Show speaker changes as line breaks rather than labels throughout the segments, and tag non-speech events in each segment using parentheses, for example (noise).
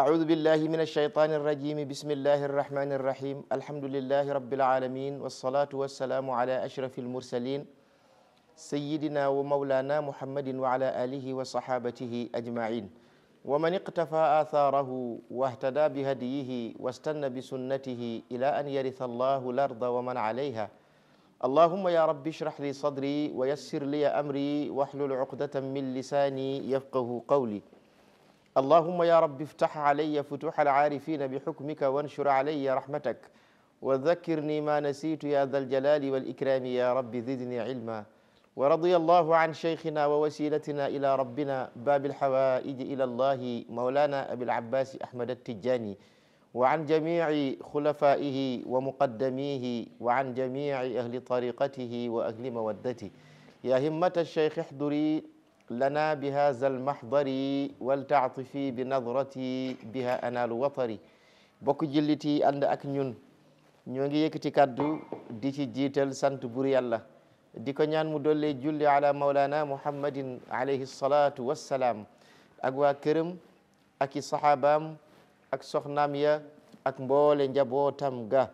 أعوذ بالله من الشيطان الرجيم بسم الله الرحمن الرحيم الحمد لله رب العالمين والصلاة والسلام على أشرف المرسلين سيدنا ومولانا محمد وعلى آله وصحابته أجمعين ومن اقتفى آثاره واهتدى بهديه واستنى بسنته إلى أن يرث الله الأرض ومن عليها اللهم يا رب اشرح لي صدري ويسر لي أمري واحلل عقدة من لساني يفقه قولي اللهم يا رب افتح علي فتوح العارفين بحكمك وانشر علي رحمتك وذكرني ما نسيت يا ذا الجلال والإكرام يا رب زدني علما ورضي الله عن شيخنا ووسيلتنا إلى ربنا باب الحوائج إلى الله مولانا أبي العباس أحمد التجاني وعن جميع خلفائه ومقدميه وعن جميع أهل طريقته وأهل مودته يا همة الشيخ احضري لنا بهذا المحضر والتعطف بنظرتي بها أنال وطري bokk jullit yi ànd ak ñun ñoo ngi yëkkati kàddu di ci jiital sant bur yàlla di ko ñaan mu dollee julli ala maulana muhammadin alayhi salaatu wassalaam ak waa këram ak i saxaabaam ak soxnaam ya ak mboole njabootam ga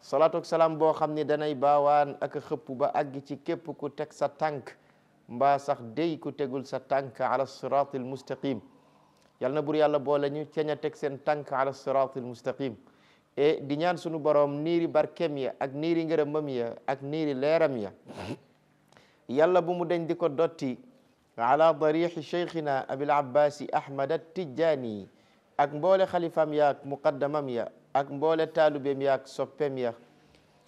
salaatu ak salaam boo xam ni danay baawaan ak xëpp ba àgg ci képp ku teg sa tànk mbaa sax dey ku tegul sa tànk ala siraatil mustaqim yal na bur yàlla boole ñu ca ña tànk ala siraatil mustaqim e di ñaan sunu borom niri barkem ya ak niiri ngërëmam ya ak niri leeram ya yàlla bu mu deñ diko dotti ala darixi shaykhina abil abbasi ahmad at tijani ak mbole khalifam ya ak muqaddamam ya ak mbole talubem ya ak soppem ya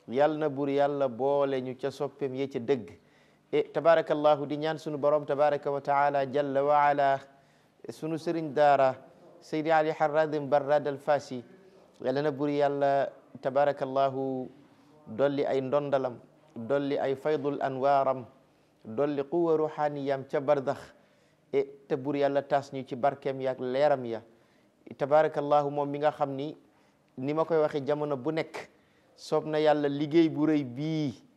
yal na bur yàlla bolé ñu ca soppem ye ci deug e tabarakallahu di ñaan sunu borom tabaraka wa taala jalla wa ala sunu sëriñ daara seydi ali harradim barrad al fasi yàlla na buri yàlla tabarakallahu dolli ay ndondalam dolli ay faydul anwaram dolli quwa ruhaniyam ca bardax e te buri yàlla taas ñu ci barkeem yaak leeram ya tabarakallahu moom mi nga xam ni ni ma koy waxe jamono bu nekk soob na yàlla liggéey bu rëy bii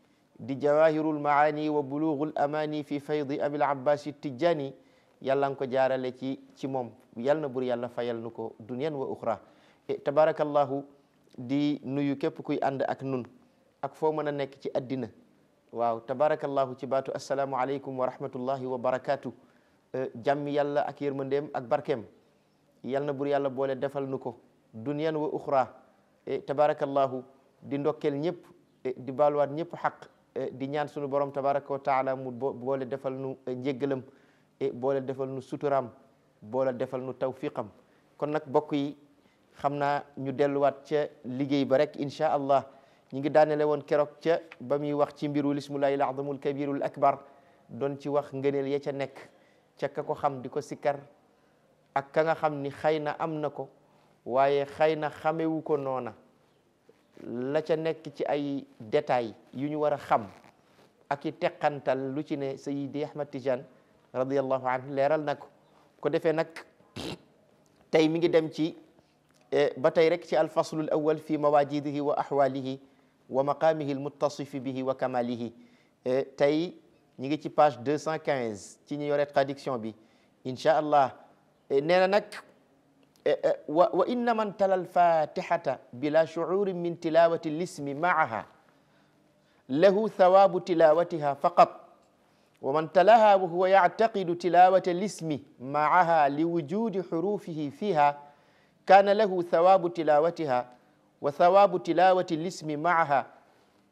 di jawahirul maani wa bulughul amani fi faydi abil abbas tijjani yàlla nga ko jaarale ci ci moom yal na bur yàlla fayal nu ko dunyan wa uxra e tabarakallahu di nuyu képp kuy ànd ak nun ak foo mën a nekk ci addina waaw tabarakallahu ci baatu assalaamu aleykum wa rahmatullahi wa barakaatu jàmm yàlla ak yërmandeem ak barkeem yal na bur yàlla boole defal nu ko dunyan wa uxra e tabarakallahu di ndokkeel ñëpp di baaluwaat ñëpp xaq Eh, di ñaan sunu borom tabaraka wa taala mu boole defal nu eh, njéggalam e boole defal nu suturam boole defal nu tawfiqam kon nag bokk yi xam naa ñu delluwaat ca liggéey ba rek incha allah ñi ngi daanele woon keroog ca ba muy wax ci mbiru lismulahil azamul kabirul akbar doon ci wax ngëneel ya ca nekk ca ka ko xam di ko sikkar ak ka nga xam ni xëy na am na ko waaye xëy na xamewu ko noona la ca nekk ci ay détails yu ñu war a xam ak i teqantal lu ci ne Sayyidi Ahmad tijan radiyallahu anhu leeral na ko ko defee nag tey mi ngi dem ci ba tey rek ci alfaslul awal fi mawajidihi wa ahwalihi wa maqamihi almuttasifi bihi wa kamalihi tey ñi ngi ci page 215 ci ñu yore traduction bi incha allah nee na nag إيه، إيه، وإن من تلا الفاتحة بلا شعور من تلاوة الاسم معها له ثواب تلاوتها فقط ومن تلاها وهو يعتقد تلاوة الاسم معها لوجود حروفه فيها كان له ثواب تلاوتها وثواب تلاوة الاسم معها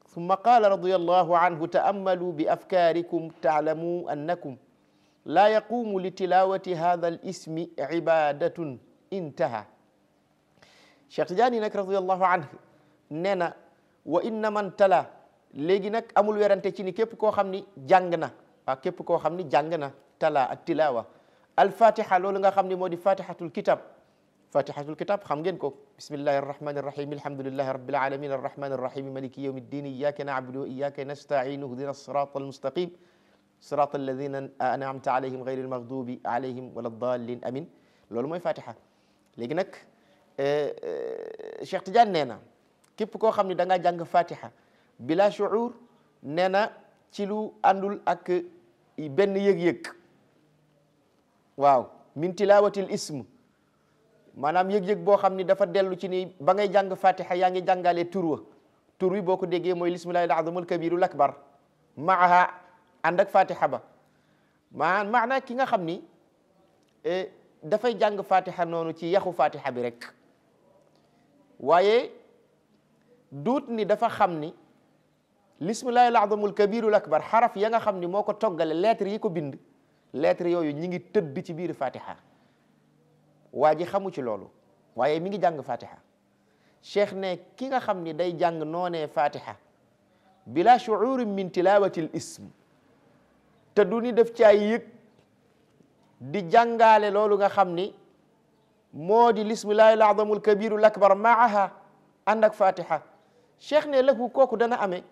ثم قال رضي الله عنه تأملوا بأفكاركم تعلموا أنكم لا يقوم لتلاوة هذا الاسم عبادة انتهى Cheikh Tidiane nag radiyallahu anhu nee na wa inna man tala léegi nag amul werante ci ni képp koo xam ni jàng na waaw képp koo xam ni tala ak tilawa alfatiha loolu nga xam ni moo di fatihatul kitab fatihatul kitab xam ngeen ko bismillahi arrahmani arrahim alhamdulillahi rabbil alamin arrahmani rahim maliki yawmi ddin iyyaka na'budu wa iyyaka nasta'in ihdina as al-mustaqim sirata alladhina an'amta alayhim ghayri al-maghdubi alayhim wala amin loolu mooy fatiha léegi nag euh, euh, Cheikh Tidiane nee na képp koo xam ne da jàng fatiha bila shuur nee na ci lu àndul ak benn yëg-yëg waaw min tilawatil ism maanaam yëg-yëg boo xam ni dafa dellu ci ni ba ngay jàng fatiha yaa ngi jàngalee tur wa tur wi boo ko déggee mooy lismillahi al azamul kabirul akbar maaha ànd ak fatiha ba maan maana ki nga xam ni euh, dafay jàng fatiha nonu ci yahu fatiha bi rek waye duut ni dafa xamni bismillahil lismillahil azamul kabirul akbar xaraf ya nga xamni moko togal lettre yi ko bind lettre yoyu ñi ngi teud ci biir fatiha waji xamu ci lolu waye mi ngi jàng fatiha cheikh ne ki nga xamni day jàng noné fatiha bila shuurin min tilawati al ism te du ni def ay yek di jàngaale loolu nga xam ni moo di lismillahi laadamul kabirul akbar maaha ànd ak fatiha cheikh ne laku kooku dana amee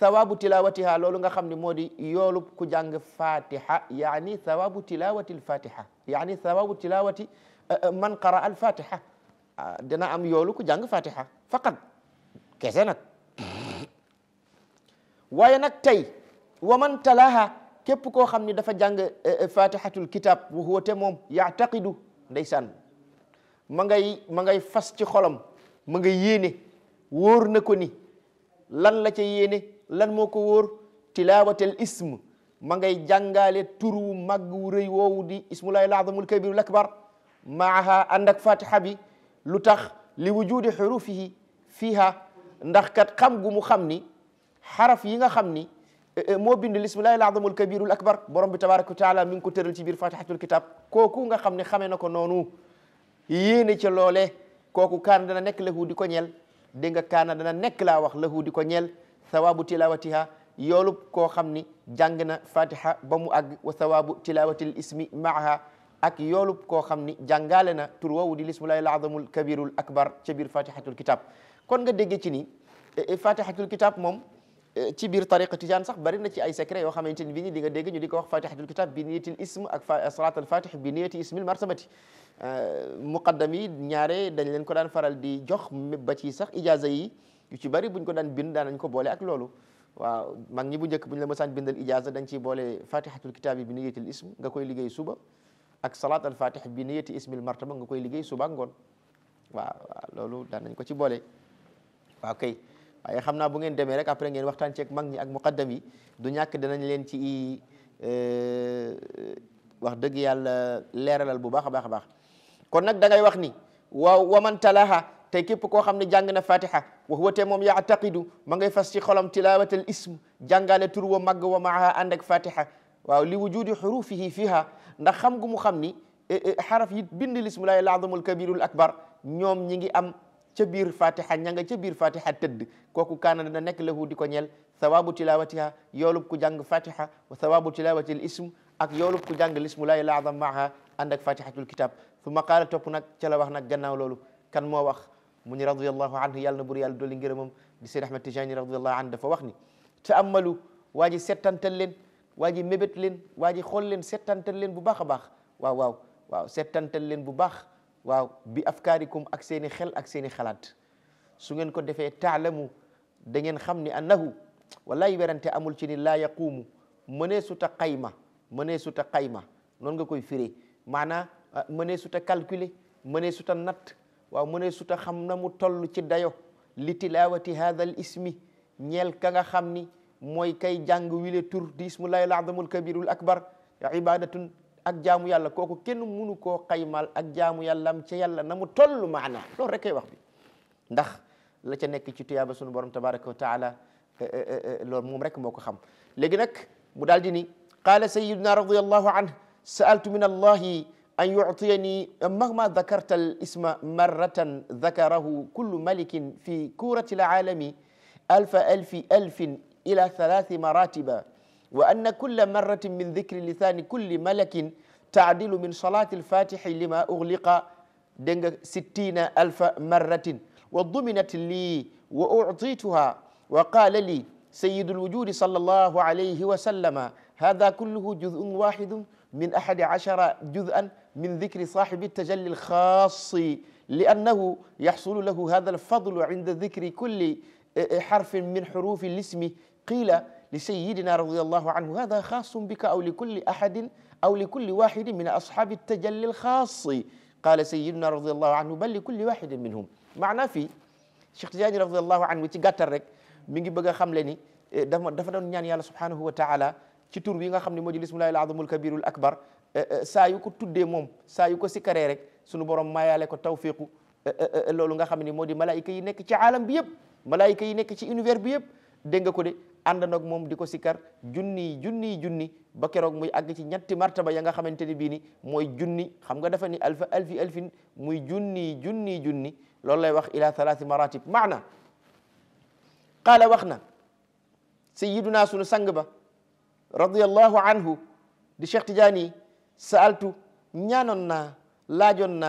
sawabu tilawatiha loolu nga xam ni moo di yoolu ku jàng fatiha yaani sawabu tilawati alfatiha yaani sawabu tilawati eh, eh, man qara alfatiha ah, dana am yoolu ku jàng fatiha faqat kese nag (coughs) waaye nag tey wa man talaha képp koo xam ni dafa jàng fatihatul kitab wa huwa te moom yaataqidu ndeysaan ma ngay ma ngay fas ci xolam ma ngay yéene wóor na ko ni lan la ca yéene lan moo ko wóor tilaawatel ism ma ngay jàngaale turu màgg wu rëy woowu di ismullahi laazamul kabir l akbar maaha ànd ak fatiha bi lu tax li wujudi xurufihi fiiha ndax kat xam gu mu xam ni xaraf yi nga xam ni mo bind lismillahi alazamul kabirul akbar borom bi tabaaraku taala min ko tëral ci bir fatihatul kitab koku nga xamne xamé nako nonu yene ci lolé koku kan dana nek lehu di ñel de nga kan dana nek la wax lehu di ñel thawabu tilawatiha yolup ko xamni jangna fatiha ba mu wa sawabu tilawatil ismi maaha ak yolup ko xamni jangalena jàngaale na tur woowu di lismillahi alazamul kabirul akbar ci bir fatihatul kitab kon nga degge ci ni fatihatul kitab moom ci biir tariqa tijaan sax bari na ci ay secret yoo xamante ni bi ni di nga dégg ñu ko wax fatihatul kitab bi niyatil ism ak salat al fatih bi niyati euh, dañ leen ko daan faral di jox ba ci sax ijaza yi yu ci bari buñ ko daan bind daanañ ko boole ak loolu waaw mag ñi bu njëkk buñ la mësaan bindal ijaza dañ ciy boole fatihatul kitab bi niyatil ism nga koy liggéey suba ak salat al fatih bi niyati ismil martaba nga koy liggéey suba ak ngoon waaw waaw daan nañ ko ci boole waye xamna bu ngeen deme rek après ngeen waxtaan ceeg mag ñi ak muqaddam yi du ñak dinañ leen ci euh wax deug yàlla leralal bu baax a baax baax kon nak da ngay wax ni wa man talaha te kep ko xamni jàng na fatiha wa huwa tamum ya'taqidu ma ngay fas ci xolam tilawatal ism jangale tur wa mag wa maaha andak fatiha wa li wujudi hurufihi fiha ndax xam gu mu xamni حرف xaraf yi bind lismu الكبير الأكبر نوم نيجي أم ci bir fatiha ña ci bir fatiha tëdd koku kaana dana nek lehu diko ñel ñeel sawabu tilawatiha yoolub ku jàng fatiha wa sawabu tilawati l ism ak yoolub ku jàng ism la ilaha maaha maha andak fatihatul kitab thumma qala top nak ci la wax nak gannaaw lolu kan mo wax muni radiyallahu anhu yalna na bur yàlla dolli mom di sayyid Ahmad Tijani radiyallahu anhu dafa wax ni taamalu waji setantal len waji mébét len waji xol len setantal len bu baakha a baax waaw waaw waaw setantal len bu baakha waaw bi afkaarikum ak seeni xel ak seeni xalaat su ngeen ko defee taalamu da ngeen xam ni annahu wallaay werante amul ci ni laa yaquumu mënee suta xayma mënee suta xayma noonu nga koy firee maanaa mënee suta calculer mënee suta natt waaw mënee suta xam na mu toll ci dayo li tilaawati haada al ismi ñeel ka nga xam ni mooy kay jàng wile tur di ismullahi al azamul kabirul akbar ibadatun ak jaamu yàlla koku kenn munu ko xaymal ak jaamu yalla am ci yàlla namu tollu maana loolu rek kay wax bi ndax la ca nekk ci tiyaba sunu borom tabaaraku taala loolu mom rek moko xam legi nak mu daldi ni qala sayyidina radiyallahu anhu saaltu min allah an yu'tiyani mahma dhakarta al isma marratan dhakarahu kullu malikin fi kurati al-alami alf alf alf ila thalath maratiba وأن كل مرة من ذكر لسان كل ملك تعدل من صلاة الفاتح لما أغلق دنج ستين ألف مرة وضمنت لي وأعطيتها وقال لي سيد الوجود صلى الله عليه وسلم هذا كله جزء واحد من أحد عشر جزءا من ذكر صاحب التجلي الخاص لأنه يحصل له هذا الفضل عند ذكر كل آه، حرف من حروف الاسم قيل لسيدنا رضي الله عنه هذا خاص بك أو لكل أحد أو لكل واحد من أصحاب التجل الخاص قال سيدنا رضي الله عنه بل لكل واحد منهم معنا في شيخ تجاني رضي الله عنه تي غاتال ريك ميغي بغا خاملني إيه، دا فا دون سبحانه وتعالى تي تور بيغا خاملني مودي بسم الله العظيم الكبير الاكبر إيه، إيه، سايوكو تودي موم سايوكو سيكاري ريك سونو بوروم ماياليكو توفيقو لولو غا خاملني مودي ملائكه يي عالم بيب ملائكي يي نيك تي اونيفير بييب دي Anda ak mom di ko junni junni junni ba kérok muy ag ci ñetti martaba ya nga xamanteni bi ni moy junni xam nga dafa ni alfa alfi alfin muy junni junni junni lol lay wax ila thalath maratib maana qala waxna sayyiduna sunu sang ba radiyallahu anhu di Cheikh Tidiane saaltu ñaanoon naa laajoon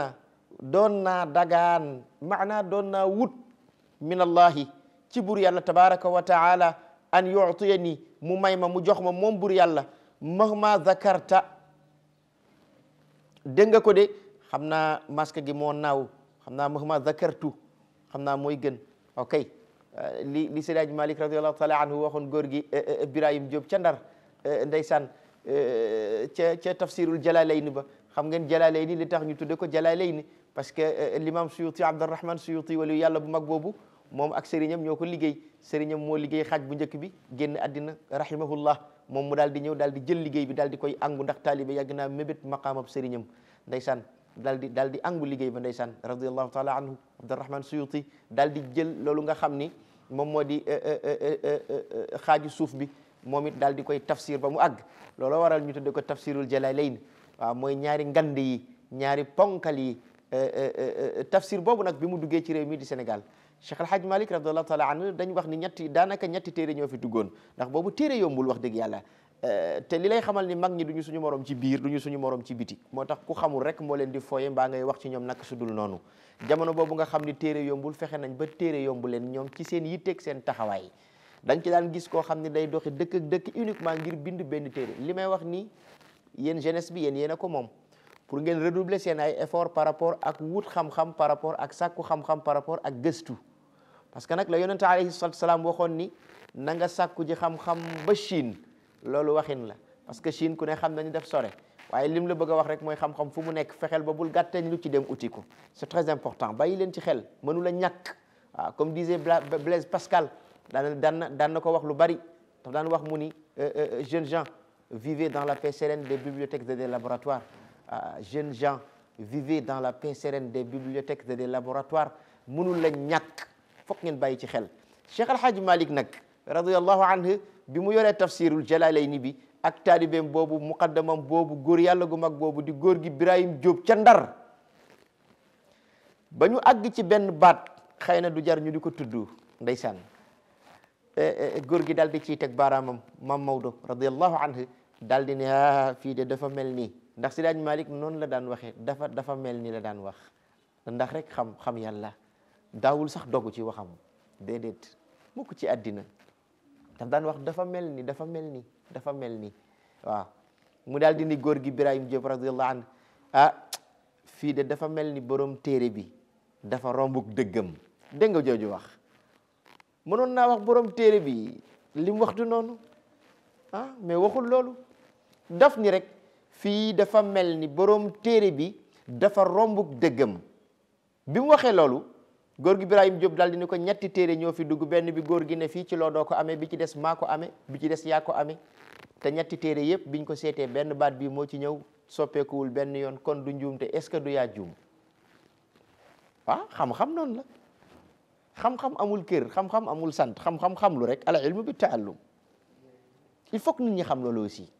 donna dagan, naa donna maana doon wut min allahi ci bur yalla wa taala an yuutiya nii mu may ma mu jox ma moom bur yàlla mahma zakarta dégg nga ko de xam naa masque gi moo naaw xam naa mahma zakartu xam naa mooy gën ok euh, li li Seydi Hadji Malick radiallahu taala anhu waxoon góor gi euh, euh, Birahim job ca Ndar ndeysaan ca ca tafsirul Jalalayni ba xam ngeen Jalalayni li tax ñu tudde ko Jalalayni parce que l'imam Suyuti Abdurrahman Suyuti wali yàlla bu mag boobu moom ak sëriñam ñoo ko liggéey sëriñam moo liggéey xaaj bu njëkk bi génn àddina rahimahullah moom mu daal di ñëw daal di jël liggéey bi daal di koy angu ndax taalibe yàgg naa mébét maqaamab sëriñam ndeysaan daal di daal di angu liggéey ba ndeysaan radiallahu taala anhu abdurahman suyuti daal di jël loolu nga xam ni moom moo di eh, eh, eh, xaaju suuf bi moom it daal di koy tafsir ba mu àgg looloo waral ñu tudde ko tafsirul jalalayn waaw mooy ñaari ngand yi ñaari ponkal yi tafsir boobu nag bi mu duggee ci réew mi di Sénégal Cheikh Al Hadj Malick radiyallahu taala anhu wax ni ñetti daanaka ñetti téere ñoo fi duggoon ndax boobu téere yombul wax dëgg yàlla euh, te li lay xamal ni mag ñi duñu suñu moroom ci biir duñu suñu moroom ci biti moo tax ku xamul rek moo leen di fooye mbaa ngay wax ci ñoom nak su dul noonu jamono boobu nga xam ni téere yombul fexe nañ ba téere yombu leen ñoom ci seen yitteeg seen taxawaay dañ ci daan gis koo xam ni day doxe dëkk ak dëkk uniquement ngir bind benn téere li may wax ni yéen jeunesse bi yéen yéen a ko moom pour ngeen redoubler seen ay effort par rapport ak wut xam-xam par rapport ak sakku xam-xam par rapport ak gestu parce que nak la yonnata alayhi salatu salaam waxoon ni na nga sàkku ji xam-xam ba Chine loolu waxin la parce que Chine ku ne xam nañu def sore waye lim la bëgg wax rek moy xam-xam fu mu nekk fexel ba bul gàtteñ lu ci dem uti ko c'est très important bayi len ci xel mënu la ñak comme disait Blaise Pascal daan daan daan na wax lu bari daf daan wax mu ni euh, euh, jeunes gens vivez dans la paix sereine des bibliothèques et des laboratoires ah, jeunes gens vivez dans la paix sereine des bibliothèques et des laboratoires mënul la ñàkk foog ngeen ci xel Cheikh Al Hadj Malik Nak, radiyallahu anhu bi mu yoré tafsirul Jalalayni bi ak talibem bobu muqaddamam Bobu, gor yalla gu mag bobu di gor gi Birahim job ci Ndar bañu ag ci ben bat xeyna du jar ñu di ko tudd e eh, eh, eh, gor gi daldi ci tek baramam mam maam radiyallahu anhu daldi ni ah, ha dafa melni ndax si daaj Malick noonu la daan waxee dafa dafa mel ni la daan wax ndax rek xam xam yàlla daawul sax dogu ci waxam déedéet mukk ci àddina daf daan wax dafa mel ni dafa mel ni dafa mel ni waaw mu daal di ni góor gi Ibrahim Diop radiyallahu an ah fii de dafa mel ni borom téere bi dafa rombuk dëggam dégg nga jooju wax mënoon naa wax borom téere bi lim mu wax du noonu ah mais waxul loolu daf ni rek fii dafa mel ni boroom téere bi dafa rombuk dëggam bi mu waxee loolu góor gi Ibrahim Diop daal di ne ko ñetti téere ñoo fi dugg benn bi góor gi ne fii ci lool doo ko amee bi ci des maa ko amee bi ci des yaa ko amee te ñetti téere yëpp biñ ko seetee benn baat bi moo ci ñëw soppeekuwul benn yoon kon du njuum te ce que du yaa juum ah xam-xam noonu la xam-xam amul kër xam-xam amul sant xam-xam lu rek al ilmu bi taallum il faut que nit ñi xam loolu aussi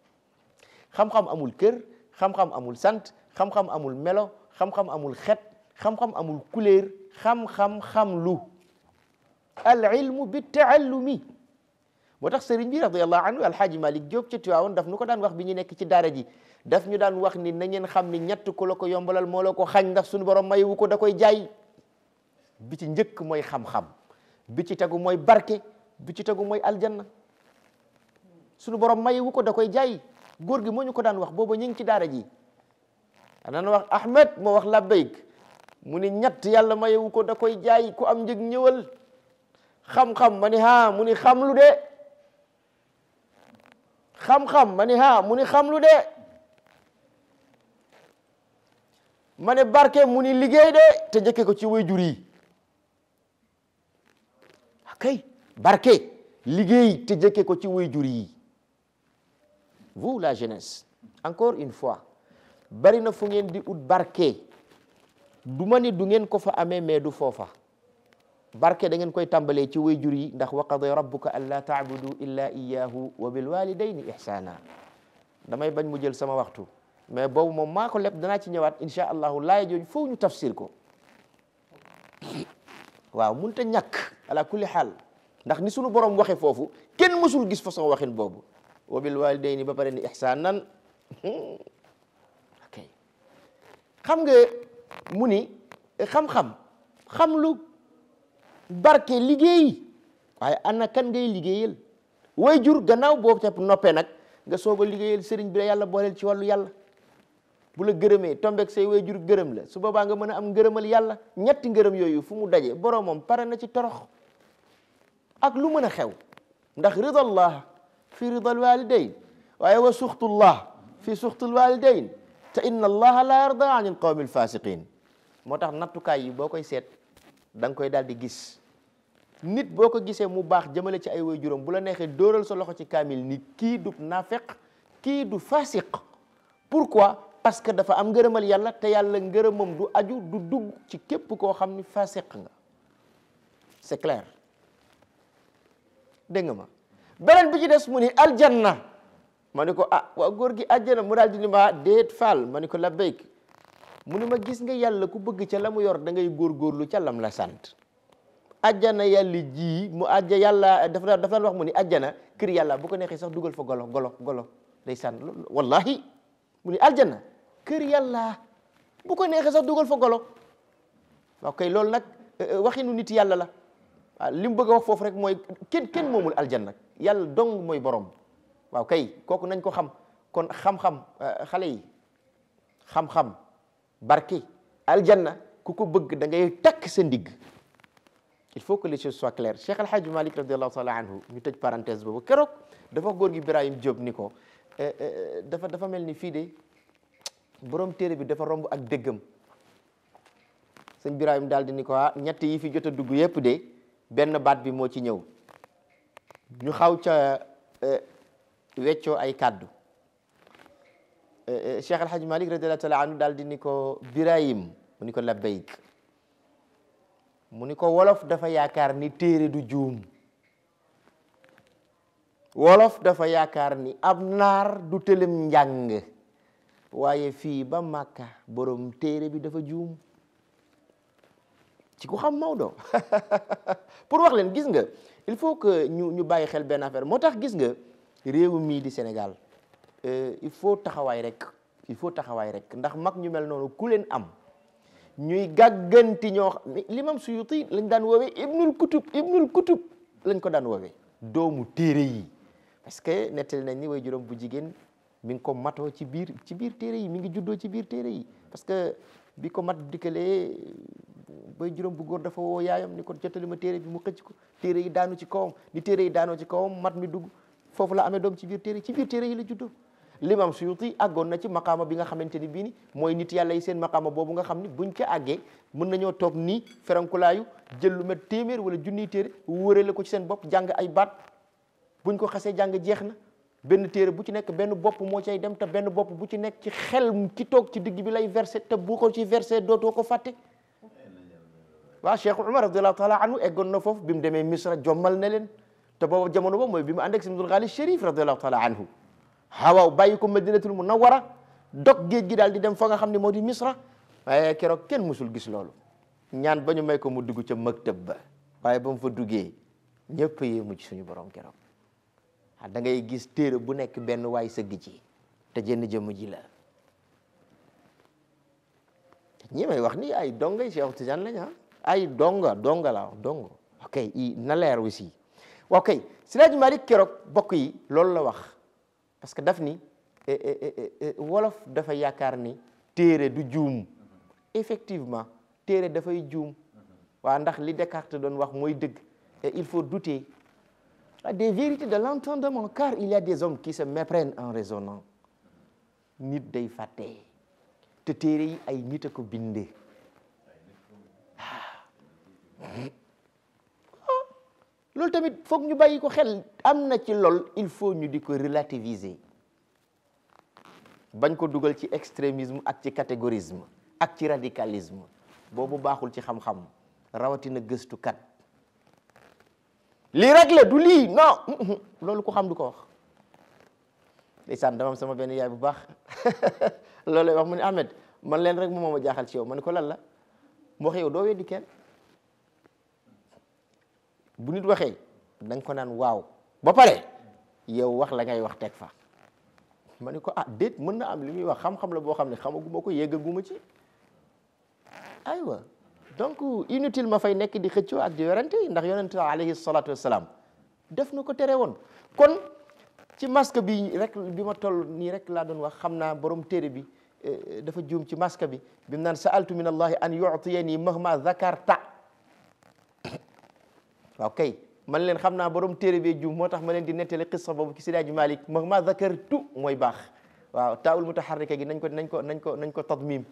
xam-xam amul kër xam-xam amul sant xam-xam amul melo xam-xam amul xet xam-xam amul couleur xam-xam xam lu al ilmu bi taallumi motax serigne sëriñ bi radiallahu anhu al alxaaji malik Diop ci Tiwaawoon daf nu ko daan wax bi ñi nekk ci dara ji daf ñu daan wax ni na ngeen xam ni ñett ku la ko yombalal mo la ko xañ ndax suñu borom mayu ko da koy jaay bi ci ñeek moy xam-xam bi ci tagu moy barke bi ci tagu moy aljanna suñu borom mayu ko da koy jaay góor gi moo ñu ko daan wax booba ñu ngi ci daara ji daan wax Ahmed moo wax labbayk mu ni ñett yàlla mayewu ko da koy jaay ko am njëg ñëwal xam-xam ma ni ha mu ni de xam-xam ma ni ha mu ni xamlu de ma ne barke mu ni liggéey de te jëkke ko ci waajur yi akay barke liggéey te jëkke ko ci waajur yi vous la jeunesse encore une fois bari na fu ngeen di ut barke du ma ni du ngeen ko fa amee mais du foofa barke da ngeen koy tàmbalee ci way jur yi ndax wa qada rabbuka an laa taabudu illa iyahu wa bil walidayni ihsana damay bañ mu jël sama waxtu mais boobu moom maa ko lépp danaa ci ñëwaat insha allahu laaya jooju foofu ñu tafsir ko waaw mënut a ñàkk ala kulli xaal ndax ni sunu borom waxe foofu kenn mësul gis façon waxin boobu wa bil ni ba pare ni ihsanan hmm. ok xam nga mu ni xam-xam xam lu barke liggéey waaye ana kan ngay liggéeyal way jur gannaaw boo ca noppee nag nga soog a liggéeyal sëriñ bi la yàlla booleel ci wàllu yàlla bu la gërëmee tombeeg say way jur gërëm la su boobaa nga mën a am ngërëmal yàlla ñetti ngërëm yooyu fu mu daje boroomam pare na ci torox ak lu mën a xew ndax ridallah fi ridal walidain wa ayu suxtullah fi suxtul walidain ta inna allaha la yarda anil qawmil fasiqin moo tax nattukaay yi set koy seet da koy daal gis nit boo ko gisee mu baax jëmale ci ay way juróom bu la neexee dóoral loxo ci kaamil ni kii du nafeq kii du fasiq pourquoi parce que dafa am ngërëmal yàlla te yàlla ngërëmam du aju du dugg ci képp koo xam ni fasiq nga c'est clair deng nga beneen bi ci des mu ni aljanna ma ni ko ah waa góor gi aljanna mu daal di ni ma déet faal ma ni ko la labbayk mu ni ma gis nga yàlla ku bëgg ca la mu yor da ngay góorgóorlu ca lam la sant ajjana yàlla ji mu ajja yàlla daf daan daf daan wax mu ni ajjana kër yàlla bu ko neexee sax dugal fa golo golo golo day sànn wallahi mu ni aljana kër yàlla bu ko neexee sax dugal fa golo waaw kay loolu nag euh, euh, waxinu nit yàlla la waaw ah, li bëgg a foofu rek mooy kenn kenn moomul aljanna yàlla dong mooy borom waaw kay kooku nañ ko xam kon xam-xam eh, xale yi xam-xam barki aljanna ku ko bëgg da ngay takk sa ndigg il faut que les choses soient claires Cheikh radiallahu taala anhu ñu tëj parenthèse boobu keroog dafa góor gi Birahim Diop ni ko eh, eh, dafa dafa mel ni fii de borom téere bi dafa romb ak déggam sëñ Birahim daal di ni ko ah ñett yi fi jot a dugg yépp de. benn baat bi moo ci ñëw ñu xaw ca euh, weccoo ay kàddu euh, euh, Cheikh Alhaj Malik radiallahu taala anhu daal di ni ko Birahim mu ni ko labbayk mu ni ko wolof dafa yaakaar ni téere du juum wolof dafa yaakaar ni ab naar du tëlëm njàng waaye fii ba màkka borom téere bi dafa juum ci ko xam Maodo (laughs) pour wax len gis nga il faut que ñu ñu bàyyi xel ben affaire motax gis nga réew mii di Sénégal euh, il faut taxaway rek il faut taxaway rek ndax mag ñu mel noonu ku len am ñuy gàgganti ño l'imam Suyuti lañ daan woowee ibnul kutub ibnul kutub lañ ko dan wowe doomu téere yi parce que netel nañ ni way juroom bu jigen mi ngi ko mato ci biir ci biir téere yi mi ngi juddoo ci biir téere yi parce que bi ko mat dikele bay juroom bu goor dafa wo yaayam ni ko jottali ma téré bi mu xëc ko téré yi daanu ci kawam ni téré yi daanu ci kawam mat mi dugg fofu la amé doom ci biir téré ci biir téré yi la juddoo l'imam suyuti agon na ci maqama bi nga xamanteni bi ni moy nit yalla yi seen maqama bobu nga xamni ni buñ ci àggee mën nañoo toog nii ferankulaayu jël lu met témir wala junniy téere wërale ko ci seen bop jang ay baat buñ ko xasse jang jeexna ben téré bu ci nekk benn bopp moo cay dem ta ben bop bu ci nek ci xel ki tok ci digg bi lay verser ta bu ko ci verser doto ko شيخ عمر رضي الله تعالى عنه يقول نفوف بمدم مصر جمال نلن تبوا جمالوا مو بما عندك سيدنا الغالي الشريف رضي الله تعالى عنه هوا وبايكم مدينه المنوره دوك جيج جي دال دي دم فغا خامني مودي مصر اي كيرو كين مسول غيس لولو نيان باني مايكو مو دوجو تي مكتب با واي بام فا دوجي نيب ييمو تي سوني بروم كيرو دا غاي غيس تير بو نيك بن واي سغيجي تا جين جيمو جي لا اي دونغاي شيخ تيجان لا ay donga donga la okay ok na leer aussi waaw kay Siraaji Malik keroog bokk yi lolou la wax parce que daf ni e, e, e, wolof dafa yakar ni téré du djoum effectivement da fay djoum wa ndax li Descartes don wax moy deug et il faut douter des vérités de l'entendement car il y a des hommes qui se méprennent en raisonnant nit day faté te téré yi ay nit ko binde. Ah, lool tamit foog ñu bàyyi ko xel am na ci lool il faut ñu di ko relativiser bañ ko dugal ci extrémisme ak ci catégorisme ak ci radicalisme boobu baaxul ci xam-xam rawatina gëstukat lii rek la du lii non (laughs) loolu ko xam du ko wax ndeysaan dama am sama benn yaay bu baax (laughs) loolu wax mu ne Ahmed man leen rek moom moo ma jaaxal ci yow ma ne ko lan la mu wax yow doo weddi kenn bu nit waxee da ko naan waaw ba pare yow wax la ngay wax teg fa ma ne ko ah déet mën na am li muy wax xam-xam la boo xam ne xamaguma ko yeggaguma ci aywa donc inutile ma fay nekk di xëccoo ak di werante ndax yonent alayhi salatu wasalaam def nu ko tere woon kon ci masque bi rek bi ma toll nii rek laa doon wax xam naa borom téere bi eh, dafa jum ci masque bi bi mu naan sa'altu min allahi an ma mahma zakarta waaw kay man leen xam naa borom téere bi juum moo tax ma leen di nettali qissa boobu ki Sidaaji Malik ma ma zakartu mooy baax waaw taawul mutaharrika gi nañ ko nañ ko nañ ko nañ ko tadmim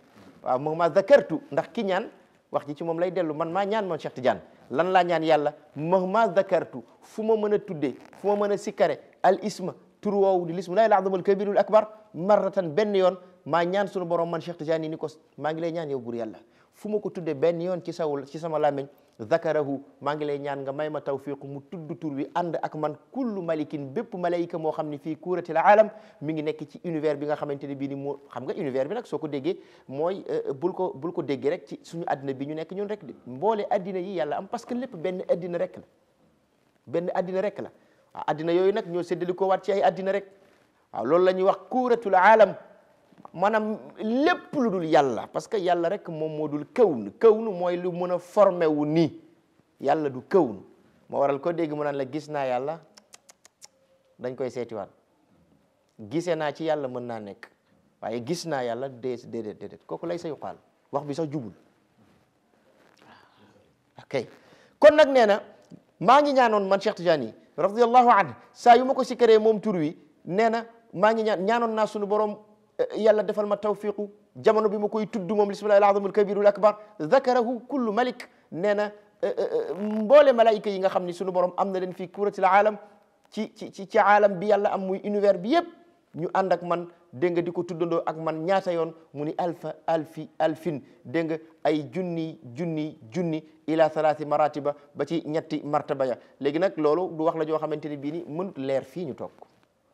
waaw ma ma zakartu ndax ki ñaan wax ji ci moom lay dellu man maa ñaan moom Cheikh jaan lan laa ñaan yàlla ma ma zakartu fu ma mën a tuddee fu ma mën a sikkare al isma tur woowu di lismu laay laadamul kabirul akbar marratan benn yoon maa ñaan sunu borom man Cheikh yi ni ko maa ngi lay ñaan yow buur yàlla fu ma ko tuddee benn yoon ci sawul ci sama làmmiñ zakarahu maa ngi lay ñaan nga may ma tawfiq mu tudd tur wi ànd ak man kullu malikin bépp malayka moo xam ne fii kuuratil alam mi ngi nekk ci univers bi nga xamante ne bii ni moo xam nga univers bi nag soo ko déggee mooy euh, bul ko bul ko déggee rek ci suñu addina bi ñu nekk ñun rek mboole addina yi yàlla am parce que lépp benn addina rek la benn addina rek la waaw addina yooyu nag ñoo séddali ko waat ci ay addina rek waaw loolu la ñuy wax kuuratul alam maanaam lépp lu dul yàlla parce que yàlla rek moom moo dul këwn këwn mooy lu mën a formé wu nii yàlla du këwn moo waral ko dégg mu la gis naa yàlla dañ koy seetiwaat gisee naa ci yàlla mën naa nekk waaye gis naa yàlla dée déedéet déedéet kooku lay sayu xaal wax bi sax jubul ok nag nee na maa ngi ñaanoon man Cheikh Tidiane radiyallahu anhu saa yu ma ko sikkaree moom tur wi nee na maa ngi ñaan ñaanoon naa sunu borom yàlla defal ma tawfiqu jamono bi ma koy tudd moom bismillahi alazamul kabirul akbar zakarahu kullu malik nee na mboole malaayika yi nga xam ni sunu borom am na leen fii kuuratil aalam ci ci ci ci aalam bi yàlla am muy univers bi yëpp ñu ànd ak man dégg nga di ko tuddandoo ak man ñaata yoon mu ni alfa alfi alfin dégg nga ay junni junni junni ila salaati maratiba ba ci ñetti martaba ya léegi nag loolu du wax la joo xamante ni bii ni mënut leer fii ñu toog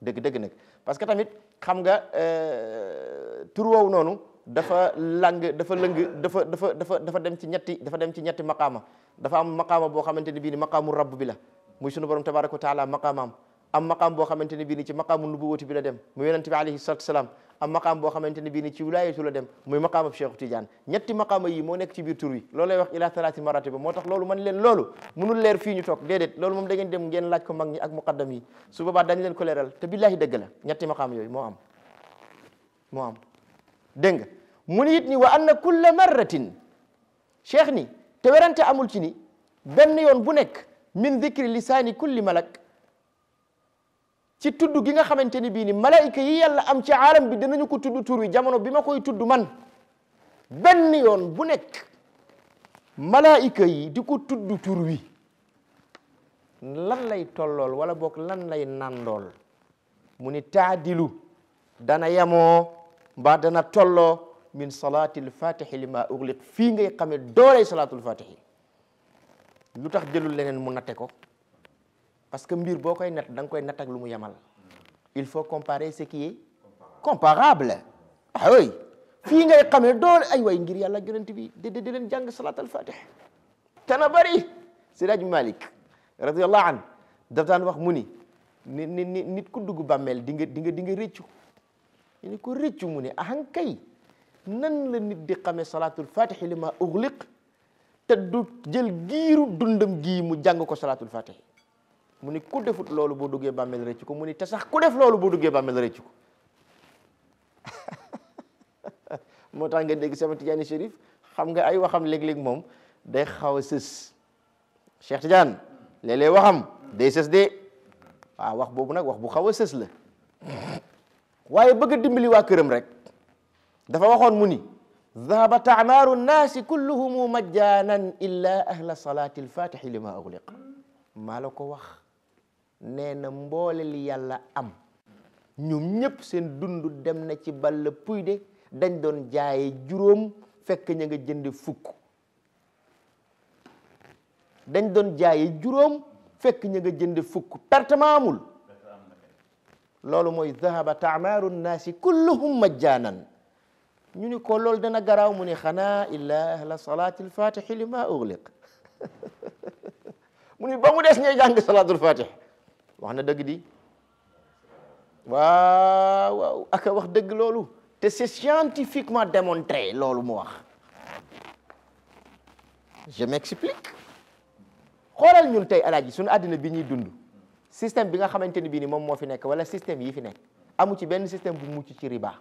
dëgg-dëgg nag parce que tamit xam nga euh, tur woowu noonu dafa lang dafa lëng dafa dafa dafa dafa dem ci ñetti dafa dem ci ñetti maqaama dafa am maqaama boo xamante ni bii ni maqaamu rabb bi la muy sunu borom tabaraka wa taala maqaamaam am maqaam boo xamante ne bii ni ci maqaamu nubuwati bi la dem mu yonente bi alayhi salatu salaam am maqaam boo xamante ne bii ni ci wilaayatu la dem muy maqaamab Cheikh Tidiane ñetti maqaama yi moo nekk ci biir tur wi loolu lay wax ila talaati maratiba moo tax loolu man leen loolu munul leer fii ñu toog déedéet loolu moom da dem ngeen laaj ko mag ñi ak muqaddam yi ko leeral te billahi dëgg la ñetti maqaama yooyu moo am moo am dégg ni it ni wa anna kulla marratin cheikh ni te werante amul ci ni benn yoon bu nekk min dikri lisaani kulli malak ci tuddu gi nga xamanteni bi ni malaika yi yalla am ci aalam bi dinañu ko tuddu tur wi jamono bima koy tuddu man benn yoon bu nekk malaika yi di ko tudd tur wi lan lay tollol wala bok lan lay nandol mu ni taadilu dana yamo ba dana tollo min salatil fatihi lima ughliq fi ngay xame dooley salaatul fatihi lu tax jëlul leneen mu naté ko parce que mbir boo koy natt da nga koy natt ak lu mu il faut comparer ce qui est comparable ah oui fii ngay xamee doole ay waay ngir yàlla yonent bi di di leen jang salat al fatih te na bëri Siraj Malik radiyallahu an daf daan wax mu ni ni ni nit ku dugg bàmmeel di nga di nga di nga rëccu ni ko rëccu mu ni ahan kay nan la nit di xamee salatul fatih li ma ughliq te du jël giiru dundam gii mu jàng ko al fatih mu ni ku defut loolu boo duggee bàmmeel rëcc ko mu ni te sax ku def loolu boo duggee bàmmeel rëcc ko (laughs) moo tax nga dégg sama Tidiane Chérif xam nga ay waxam léeg-léeg moom day xaw a sës Cheikh Tidiane léeg-léeg waxam day sës de waaw wax boobu nag wax bu xaw a sës la (laughs) waaye bëgg a dimbali waa këram rek dafa waxoon mu ni zahabat aamaaru nnaasi kulluhumu majjaanan illa ahla salaati alfatixi li ma ugliq maa la ko wax nee na mboole li yàlla am ñoom ñëpp seen dund dem na ci balla puy de dañ doon jaaye juróom fekk ña nga fukk dañ doon jaaye juróom fekk ña nga jënde fukk perte ma amul loolu mooy zahaba taamaaru naasi kulluhum majjaanan ñu ni ko loolu dana garaaw mu ni xanaa illaa ahla salaati alfatixi li ma ugliq (laughs) mu ni ba mu des ñay jàng salaatul fatix wax na di waaw waaw c'est scientifiquement démontré mu je m'explique xoolal suñu bi dund système bi nga xamante ni système yi fi système bu mucc ci riba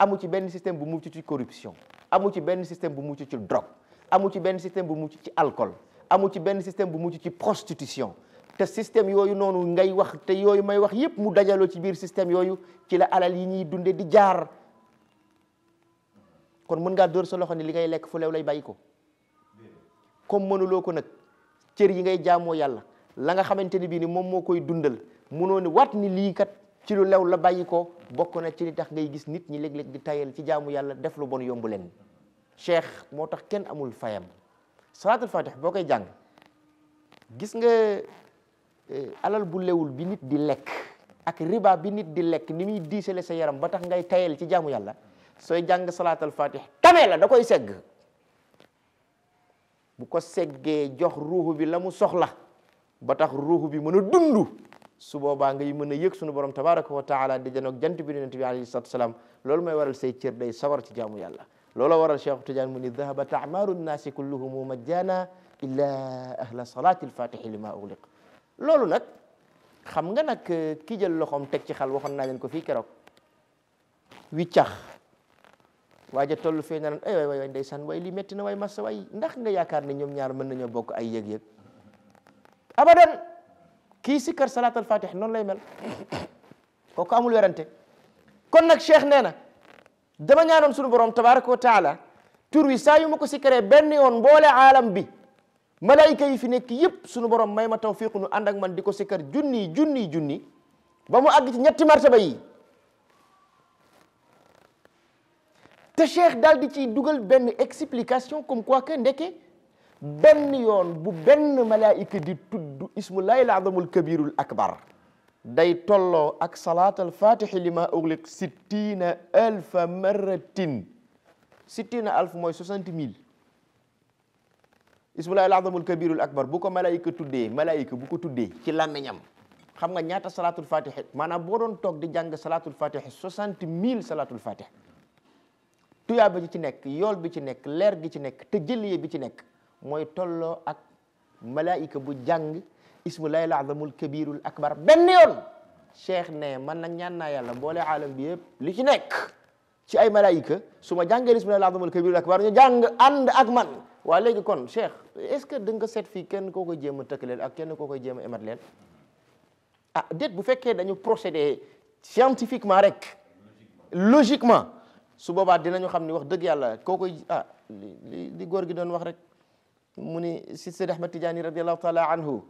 amu système bu mucc corruption amu ci système bu mucc ci drogue amu système bu mucc alcool amu ci système bu mucc prostitution te système yooyu noonu ngay wax te yooyu may wax yépp mu dajaloo ci biir système yooyu ci la alal yi ñuy dunde di jaar kon mën ngaa door sa loxo ni li ngay lekk fu lew lay bàyyi comme mënuloo ko nag cër yi ngay jaamoo yàlla la nga xamante ni bii ni moom moo koy dundal munoo ni waat ni lii kat ci lu lew la bàyyi ko bokk na ci li tax ngay gis nit ñi léeg-léeg di tayal ci jaamu yàlla def lu bon yomb leen cheikh moo tax kenn amul fayam salaatul fatih boo koy jàng gis nga Eh, alal bu lewul bi nit di lekk ak riba bi nit di lekk ni muy diisale sa yaram ba tax ngay tayel ci jaamu yàlla sooy jàng salaatal fatih tamee la da koy segg bu ko seggee jox ruuxu bi la mu soxla ba tax ruuxu bi mën a dund boobaa ngay mën a yëg sunu borom tabaraka wa taala di janoog jant bi yonent bi alayhi salatu salaam loolu mooy waral say cër day sawar ci jaamu yàlla loola waral Cheikh Tidiane mu ni dahabat amaru nnaasi kulluhumu majjana illa ahla salati alfatihi lima loolu nag xam nga nag euh, ki jël loxoom teg ci xal waxoon na leen ko fi keroog wiccax waaja toll fee na ay way way way ndeysaan way lii metti na way massa way ndax nga yaakaar ne ñoom ñaar mën nañoo bokk ay yëg-yëg abadan kii sikkar salaatal fatih noonu lay mel kooku amul werante kon nag cheikh nee na dama ñaanoon sunu borom tabaraka wa taala tur wi saa yu ma ko sikkaree benn yoon mboole aalam bi malayka yi fi nekk yëpp sunu borom may ma tawfiiqu nu ànd ak man di ko sikkar junni junni junni ba mu àgg ci ñetti martaba yi te cheikh daal di ciy dugal benn explication comme quoi que ndeke benn yoon bu benn malaayika di tudd ismullahil azamul kabirul akbar day tolloo ak salaat al fatixi lima ugliq sittina alfa maratin sittina alf mooy soixante mille ismullahi alazamul kabirul akbar bu ko malayka tuddee malayka bu ko tuddee ci làmmiñam xam nga ñaata salatul fatiha maanaam boo doon toog di jàng salatul fatiha soixante mille salatul fatiha tuyaa bi ci nekk yool bi ci nekk leer gi ci nekk te jëliye bi ci nekk mooy tolloo ak malaayika bu jàng ismullahi alazamul kabirul akbar benn yoon cheikh ne man nag ñaan naa yàlla boole aalam bi yëpp li ci nekk si ay malaayika su ma jàngee ismullahi alazamul kabirul akbar ñu jàng ànd ak man waa léegi kon Cheikh est-ce que da nga seet kenn koo koy jéem a tëkkaleel ak kenn ko koy jéem a émat leen ah déet bu fekkee dañu procédé scientifiquement rek logiquement su boobaa dinañu xam ni wax dëgg yàlla koo koy ah li li góor gi doon wax rek mu ni si Seydi Ahmad Tidiane radiallahu taala anhu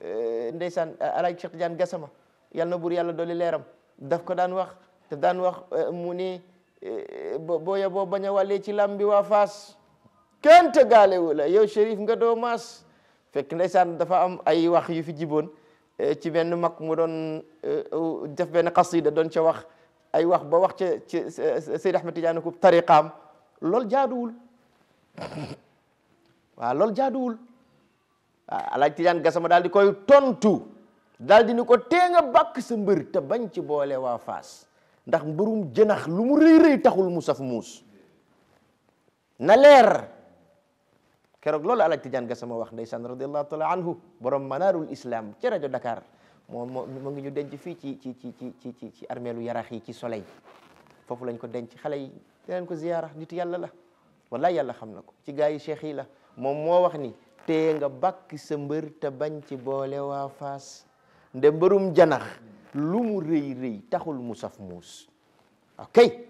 eh, ndeysaan alaaj Cheikh Tidiane Gassama yàlla na buur yàlla dooli leeram daf ko daan wax daf daan wax eh, mu ni eh, boo booya boo bañ a ci lam waa Faas kenn te gaalewu la yow shérif nga doo maas fekk ndeysaan dafa am ay wax yu fi jiboon eh, ci benn makk mu doon eh, def benn xasida doon ca wax ay wax ba wax ca ci eh, Seyd Ahmed Tidiane ko tariqaam loolu (coughs) jaaduwul waaw loolu jaaduwul waaw alaaj Tidiane Gassama daal di koy tontu dal di ni ko tee bakk sa mbër te bañ ci boole waa Faas ndax mbërum jënax lu mu rëy rëy taxul mu saf muus na leer keroglol ala tijan ga sama wax ndaysan radhiyallahu ta'ala anhu borom manarul islam ci radio dakar mo mo ngi ñu denc fi ci ci ci ci ci ci armelu yarahi ci soleil fofu lañ ko denc xalé yi dinañ ko ziyara nit yalla la walla yalla ya xam nako ci gaay cheikh yi la mom mo wax ni te nga bak sa mbeur ta bañ ci boole wa fas nde mbeurum janax lu mu reey reey taxul musaf mus okay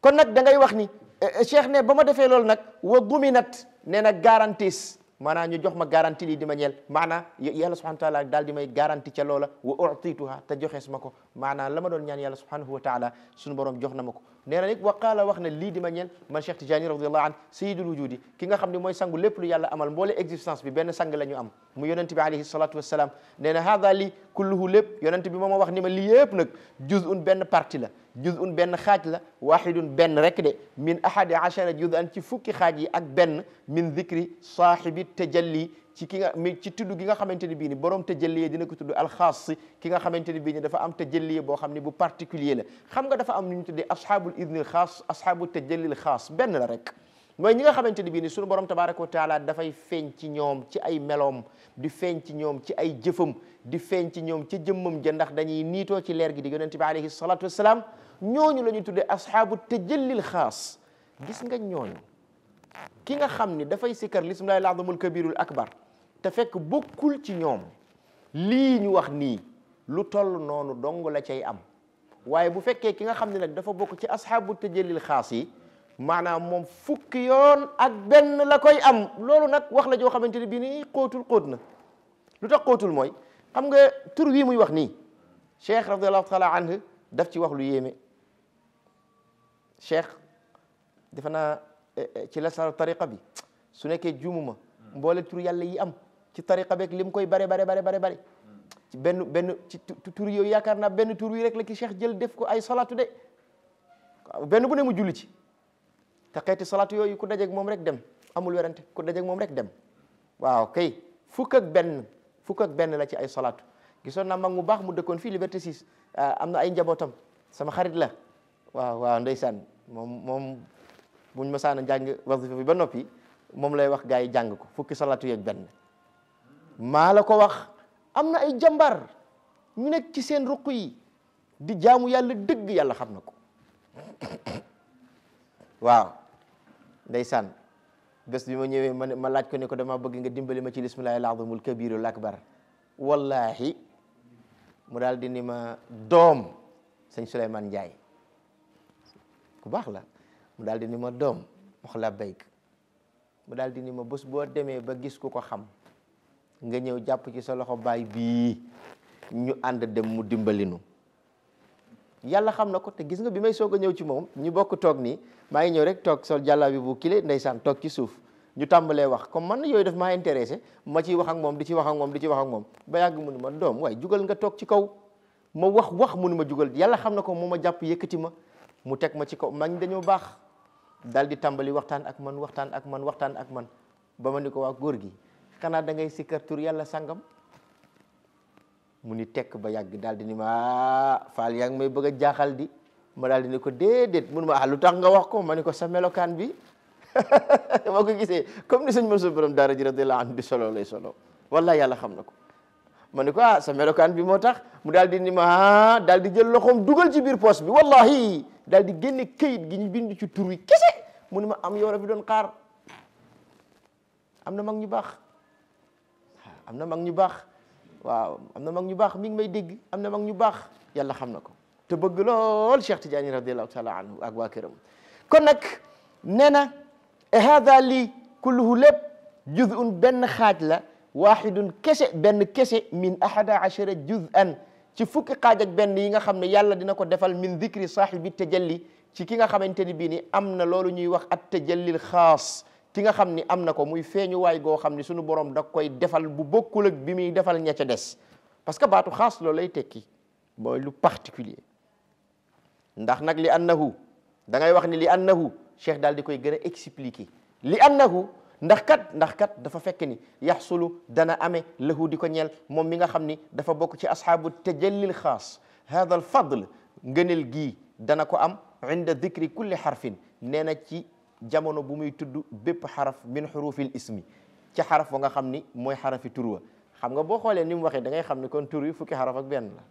kon nak da ngay wax ni Eh, eh, cheikh ne ba ma defee loolu nag wa guminat nee na garantis maanaam ñu jox ma garantie lii di ma ñeel maanaam yàlla subhanahu wa taala daal di may garantie ca loola wa utituha te joxees ma ko maanaam la ma doon ñaan yàlla subhanahu wa taala suñu borom jox na ma ko nee na nag waqaala wax na lii di ma ñeen man Cheikh Tidiane radiallahu an sayidul wujudi ki nga xam ne mooy sangu lépp lu yàlla amal mboole existence bi benn sang la ñu am mu yonent bi alayhi salatu wassalam nee na haada li kulluhu lépp yonent bi moom a wax ni ma lii yëpp nag juz'un benn partie la juz'un benn xaaj la wahidun benn rek de min ahadi achara juz'an ci fukki xaaj yi ak benn min dhikri saahibi tajalli ci ki nga mais ci tudd gi nga xamante ne bii ni borom tëjalliye dina ko tudd alxaas ki nga xamante ne bii ni dafa am tëjalliye boo xam ne bu particulier la xam nga dafa am lu ñu tuddee asxaabul idnil xaas asxaabu tëjallil xaas benn la rek mooy ñi nga xamante ne bii ni sunu borom tabaraka wa taala dafay feeñ ci ñoom ci ay meloom di feeñ ci ñoom ci ay jëfam di feeñ ci ñoom ci jëmmam ja ndax dañuy niitoo ci leer gi di yonente bi alayhi salatu wasalaam ñooñu la ñu tuddee asxaabu tëjallil xaas gis nga ñooñu ki nga xam ni dafay sikkar lismillahi al azamul kabirul akbar te fekk bokkul ci ñoom lii ñu wax nii lu toll noonu dong la cay am waaye bu fekkee ki nga xam ne nag dafa bokk ci asxaabu tajalil xaas yi maanaam moom fukki yoon ak benn la koy am loolu nag wax la joo xamante ne bii nii xóotul xóot na lu tax xóotul mooy xam nga tur wii muy wax nii cheikh radiallahu taala anhu daf ci wax lu yéeme cheikh defe naa ci la sar tariqa bi su nekkee juumuma mboole tur yàlla yi am ci tariqa beeg lim koy bare bare bare bare bare ci benn benn ci tur yooyu yaakaar naa benn tur yi rek la ki cheikh jël def ko ay salaatu de benn bu ne mu julli ci te xeeti salaatu yooyu ku dajeeg moom rek dem amul werante ku dajeeg moom rek dem waaw kay fukk benn fukk ak benn la ci ay salaatu gisoon naa mag mu baax mu dëkkoon fii Liberté 6 ah, am na ay njabootam sama xarit la waaw waaw ndeysaan moom moom buñ ma saan a jàng wasifa bi ba noppi moom lay wax gaa yi jàng ko fukki salaatu yeeg benn maa la ko wax am na ay jàmbar ñu nekk ci seen ruq yi di jaamu yàlla dëgg yàlla xam na ko (coughs) waaw ndeysaan bés bi ma ñëwee ma ma laaj ko ne ko dama bëgg nga dimbali ma ci laa lismillahi alazimul kabirul akbar wallahi mu daal di ni ma doom sëñ Souleymane Ndiaye ku baax la mu daal di ni ma doom wax la mu daal di ni ma bés boo demee ba gis ku ko xam nga ñew japp ci sa loxo bay bi ñu and dem mu dimbalinu yàlla xam na ko te gis nga bi may soga ñew ci mom ñu bokk tok ni ma ngi ñew rek tok sol bi bu kilé ndaysan tok ci suuf ñu tambalé wax comme man yoy daf ma intéressé ma ci wax ak mom di ci wax ak mom di ci wax ak mom ba yag mu ma dom way jugal nga tok ci kaw ma wax wax mu ma jugal yalla xam na ko moma japp jàpp ma mu tek ma ci kaw mag dañu bax dal di tambali waxtan ak man waxtan ak man waxtan ak man ba ni ko gi kana da ngay sikkar tur yalla sangam muni tek ba yag dal di ni ma fal yaa may beug jaxal di ma dal di ni ko dedet mun ma ah lu tax nga wax ko maniko sa melokan bi ma ko gisee comme ni seigne Mansour borom dara ji anhu di solo lay solo wallahi yalla xam na ko ah sa melokan bi motax mu dal di ni ma dal di jël loxom dugal ci bir poste bi wallahi dal di génne keuyit gi ñu bind ci tur wi kese mun ma am yow kar, fi doon xaar am mag ñu bax am na mag ñu baax waaw am na mag ñu baax mi ngi may dégg am na mag ñu baax yàlla xam na ko te bëgg lool Cheikh Tidiane radiallahu taala anhu ak waa këram kon nag nee na e hada lii kulluhu lépp juz'un benn xaaj la waaxidun kese benn kese min ahada achara juz'an ci fukki xaaj ak benn yi nga xam ne yàlla dina ko defal min dikri saahibi tajalli ci ki nga xamante ni bii ni am na loolu ñuy wax at tajallil xaas ki nga xamni amna ko muy feñu way go xamni suñu borom da koy defal bu bokul ak bi mi defal ña ca dess parce que batu khas loolu lay tekki lu particulier ndax nak li annahu da ngay wax ni li annahu cheikh dal di koy gëna expliquer li annahu ndax kat ndax kat dafa fekk ni yahsulu dana amé lehu diko ñel mom mi nga xamni dafa bok ci ashabu tajallil khas hada al fadl ngeenel gi dana ko am inda dikri kulli harfin nee ci jamono bu muy tudd bépp xaraf min hurufil ismi ci xaraf wa nga xam ni mooy xarafi tur wa xam nga boo xoolee ni mu waxee da ngay xam ni kon tur yi fukki xaraf ak benn la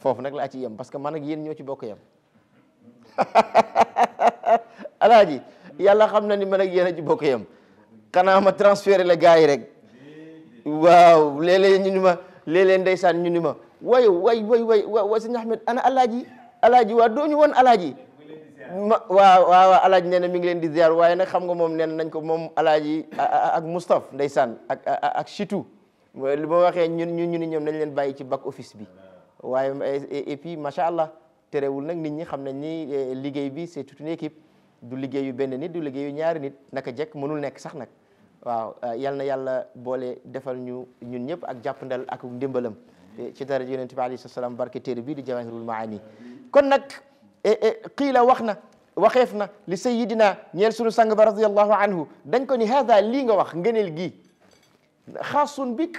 foofu nag laa ci yem parce que man ak yéen ñoo ci bokk yem (laughs) alaaji yàlla xam na ni man ak yéen a ci bokk yem xanaa ma transféré la gars rek waaw léeg ñu ni ma léeg ñu ni ma waay waay waay waay waay Ahmed ana alaaji alaaji waa dooñu woon alaaji ma waaw waaw alaaj nee na mi ngi leen di ziar waaye nag xam nga moom nee nañ ko moom alaaj yi ak Moustapha ndeysaan ak ak Chitou li ma waxee ñun ñun ñu ni ñoom nañ leen bàyyi ci back office bi waaye et puis macha allah tere wul nag nit ñi xam nañ ni e, liggéey bi c'est toute une du liggéeyu benn nit du liggéeyu ñaari nit naka jekk mënul nekk sax nag waaw yal na yàlla boole defal ñu ñun ñëpp ak jàppandal ak ndimbalam e, ci dara yonent bi alayhi salaam barke téere bii di Jawahirul Maani kon qiila wax na waxeef na li sayidina ñeel sunu sang ba radiallahu anhu dañ ko ni hada lii nga wax ngëneel gii xaasun bik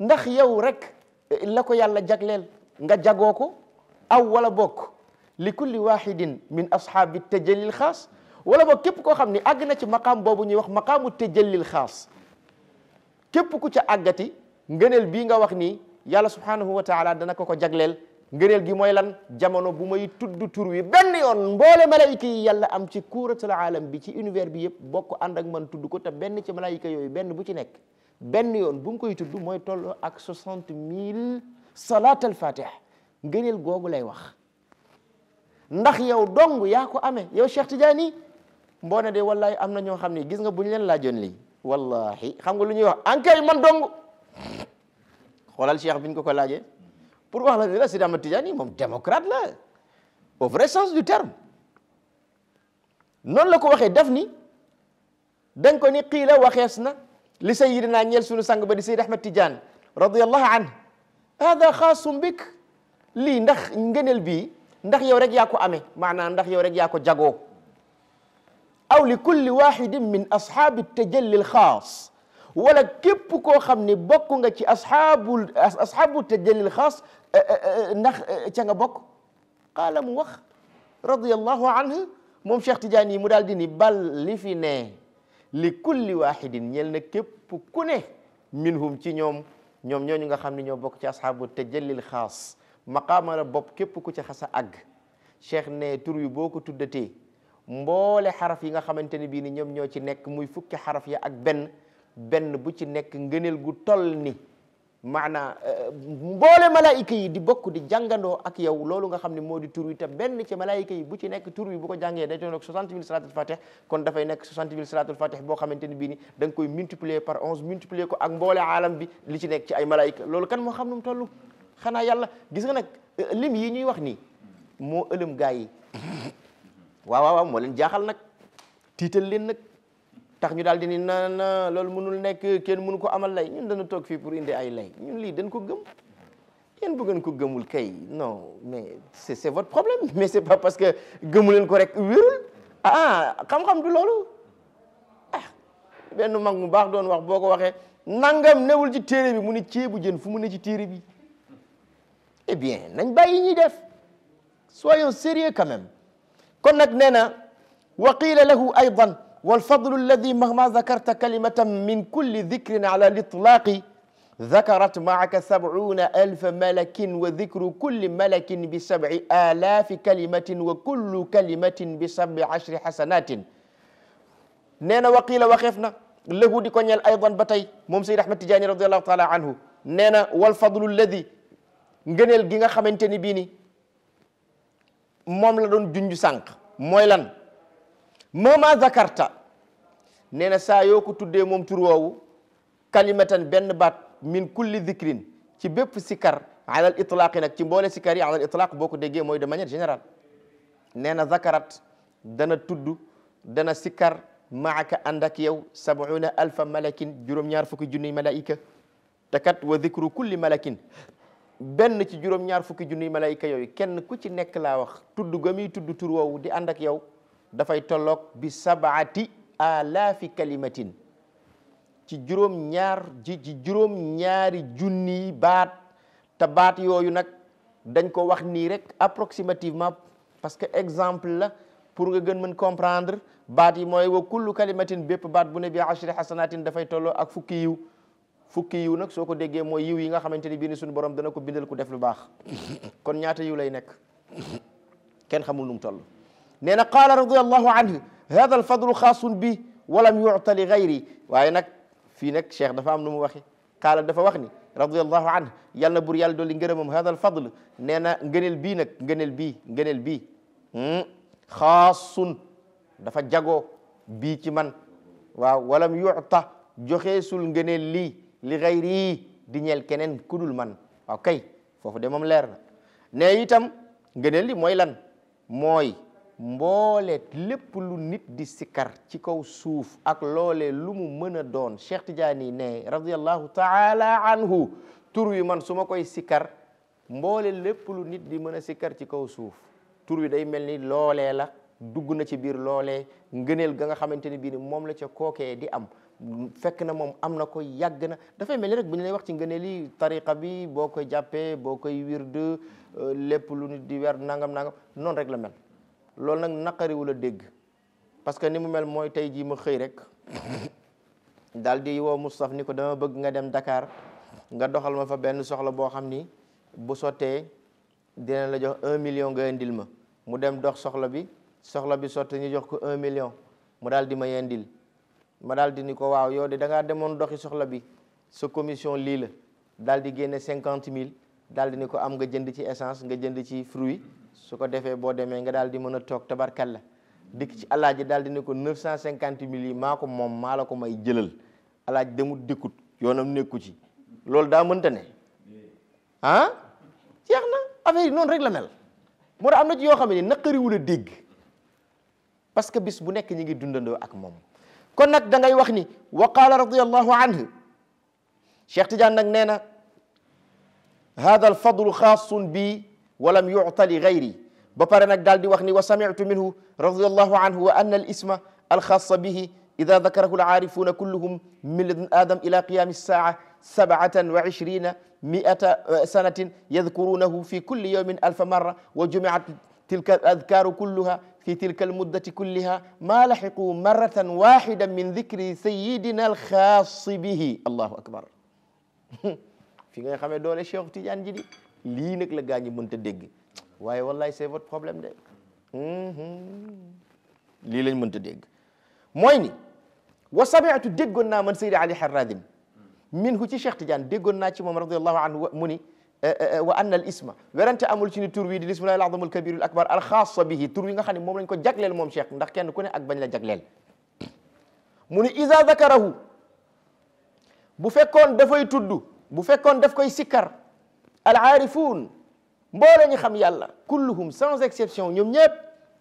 ndax yow rek la ko yàlla jagleel nga jagoo ko aw wala bokk li kulli waxidin min ashaabi tajalil xaas wala boog képp koo xam ni àgg na ci maqaam boobu ñuy wax maqaamu tajalil xaas képp ku ca àggati ngëneel bii nga wax nii yàlla subhanahu wa taala dana ko ko jagleel ngëneel gi mooy lan jamono bu may tudd tur wi benn yoon mboole malayka yi yàlla am ci kuuratul alam bi ci univers bi yëpp bokk ànd ak man tudd ko te benn ci malayka yooyu benn bu ci nekk benn yoon bu mu koy tudd mooy tolloo ak soixante mille salat al fatih ngëneel googu lay wax ndax yow dong yaa ko amee yow Cheikh Tidiane mboo de wallahi am na ñoo xam ne gis nga bu leen laajoon lii wallahi xam nga lu ñuy wax ankay man dong xoolal Cheikh bi ko ko laajee Pour wax la Ouahlabila, c'est Tijani, mom démocrate la au vrai sens du terme non la ko waxe def ni dañ ko ni qila waxees na li sayyidina ñel sunu sang ba di sayyid Ahmed Tidiane radiyallahu an hada khas bik li ndax ngeenel bi ndax yow rek ya ko amé manana ndax yow rek ya ko jago aw li kulli wahid min ashab at tajalli al-khas wala kep ko xamni bokku nga ci ashabul ashabu tajalli al-khas ndax ca nga bokk xaala mu wax radiyallahu anhu moom Cheikh Tidiane yi mu daal di ni bal li fi ne li kulli wahidin ñel na képp ku ne minhum ci ñoom ñoom ñooñu nga xam ne ñoo bokk ci asxaabu tajallil xaas maqaama la bopp képp ku ci xasa àgg cheikh ne tur boo ko tuddatee mboole xaraf yi nga xamante ne bii ni ñoom ñoo ci nekk muy fukki xaraf yi ak benn benn bu ci nekk ngëneel gu toll ni maanaa eh, mboole malaayika yi di bokk di jàngandoo ak yow loolu nga xam ne moo di tur wi te benn ci malaayika yi bu ci nekk tur wi bu ko jàngee day doon ak 60 000 salatul fatih kon dafay nekk 60 000 salatul fatih boo xamante ni bii ni da nga koy multiplier par 11 multiplier ko ak mboole aalam bi li ci nekk ci ay malaayika loolu kan moo xam nu mu toll xanaa yàlla gis nga nag eh, lim yi ñuy wax nii moo ëlëm gaa yi (laughs) waaw waaw waaw moo leen jaaxal nag tiital leen tax ñu daal di ni na na loolu mënul nekk kenn mënu ko amal lay ñun dana toog fi pour indi ay lay ñun li dañ ko gëm yéen bu ngeen ko gëmul kay non mais c'est c'est votre problème (laughs) mais c'est pas parce que gëmu ko rek wérul ah xam-xam du loolu ah benn mag mu baax doon wax boo ko nangam newul ci téere bi mu ne ceebu jën fu mu ne ci téere bi eh bien nañ bàyyi ñuy def soyons sérieux quand même kon nag nee na wa lahu aydan والفضل الذي مهما ذكرت كلمة من كل ذكر على الإطلاق ذكرت معك سبعون ألف ملك وذكر كل ملك بسبع آلاف كلمة وكل كلمة بسبع عشر حسنات نينا وقيل وخفنا له دي كونيال أيضا بتي ممسي رحمة أحمد تجاني رضي الله تعالى عنه نينا والفضل الذي ngëneel gi خمنتني بيني مملا دون ni moom mama zakarta nee na saa yoo ko tuddee moom tur woowu kalimatan benn baat min kulli zikrin ci bépp sikar alal itlaaqi nak ci mboole sikar yi alal itlaaq boo ko déggee mooy de manière générale nee na zakarat dana tudd dana sikar maaka ànd ak yow sabuuna alfa malakin juróom-ñaar fukki junniy malaika te kat wa zikru kulli malakin benn ci juróom-ñaar fukki junniy malaika yooyu kenn ku ci nekk laa wax tudd ga muy tudd tur woowu di ànd ak yow fay tolok bi sab'ati alaafi kalimatin ci juróom ñaar ji ci juróom ñaari junni baat ta baat yoyu nak dañ ko wax ni rek approximativement parce que exemple la pour nga gën mën comprendre baat yi moy wa kullu kalimatin bepp baat bu ne bi hasanatin da fay tolo ak fukki yu fukki yu nak soko ko moy yu yi nga xamanteni bi ni borom dana ko bindal ku def lu bax kon ñaata yu lay nek ken xamul num tollu نينا قال رضي الله عنه هذا الفضل خاص بي ولم يعط لغيري وينك فينك شيخ دفام نمو قال دفا وخني رضي الله عنه يلا بور يال دولي نغرمم هذا الفضل نينا نغنل بي نك نغنل بي نغنل بي خاص دفا جاغو بي تي من ولم يعطى جوخيسول نغنل لي لغيري دي نيل كنن كودول من اوكي فوفو دي موم لير نه يتام نغنل لي موي لان موي mboole lépp lu nit di sikar ci kaw suuf ak loole lu mu mën a doon Cheikh Tidiane ne radiallahu taala anhu tur wi man su ma koy sikar mboole lépp lu nit di mën a sikar ci kaw suuf tur wi day mel ni loole la dugg na ci biir loole ngëneel ga nga xamante ni bii moom la ca kookee di am fekk na moom am na ko yàgg na dafay mel ni rek bu ñu lay wax ci ngëneel yi tariqa bi boo koy jàppee boo koy wirde euh, lépp lu nit di wer nangam nangam noonu rek la mel loolu nag naqariwul a dégg parce que ni mu mel mooy tey jii ma xëy rek (coughs) daal di woo Moustapha ni ko dama bëgg nga dem dakaar nga doxal ma fa benn soxla boo xam ni bu sottee dina la jox un million nga indil ma mu dem dox soxla bi soxla bi sotti ñu jox ko un million mu daal di ma yendil ma daal di ni ko waaw yow di da demoon doxi soxla bi sa commission lii la daal di génne cinquante mille daal di ni ko am nga jënd ci essence nga jënd ci fruit su ko defee boo demee nga daal di mën a toog tabarkalla dikk ci alaaji daal di ne ko neuf cent cinquante mille yi ko moom maa ko may jëlal alaaji demut dikkut yoonam nekku ci loolu daa mënta ne ah jeex na affaire yi noonu rek la mel moo tax am na ci yoo xam ne na a dégg parce que bis bu nekk ñi ngi dundandoo ak moom kon nag da ngay wax ni wa qaala radiallahu anhu Cheikh Tidiane nag nee na hada al bi ولم يعطى لغيري بفرنك قال دي وخني وسمعت منه رضي الله عنه وأن الاسم الخاص به إذا ذكره العارفون كلهم من آدم إلى قيام الساعة سبعة وعشرين مئة آه، سنة يذكرونه في كل يوم ألف مرة وجمعت تلك الأذكار كلها في تلك المدة كلها ما لحقوا مرة واحدة من ذكر سيدنا الخاص به الله أكبر (laughs) في غير خمي دولة شيخ تيجان جدي lii nag la gaa ñi mënta dégg waaye wallaay c'est votre problème de lii lañ mënta dégg mooy ni wa sami'tu déggoon man Seydi Ali Harradim minhu ci Cheikh Tidiane déggoon naa ci moom radiyallahu anhu mu ni wa anna al isma werante amul ci ni tur wi di lismillahi al azamul kabirul akbar al xaasa bihi tur wi nga xam ne moom lañ ko jagleel moom Cheikh ndax kenn ku ne ak bañ la jagleel mu ni ida dakarahu bu fekkoon dafay tudd bu fekkoon daf koy sikkar alaarifuun mboole ñu xam yàlla kulluhum sans exception ñoom ñëpp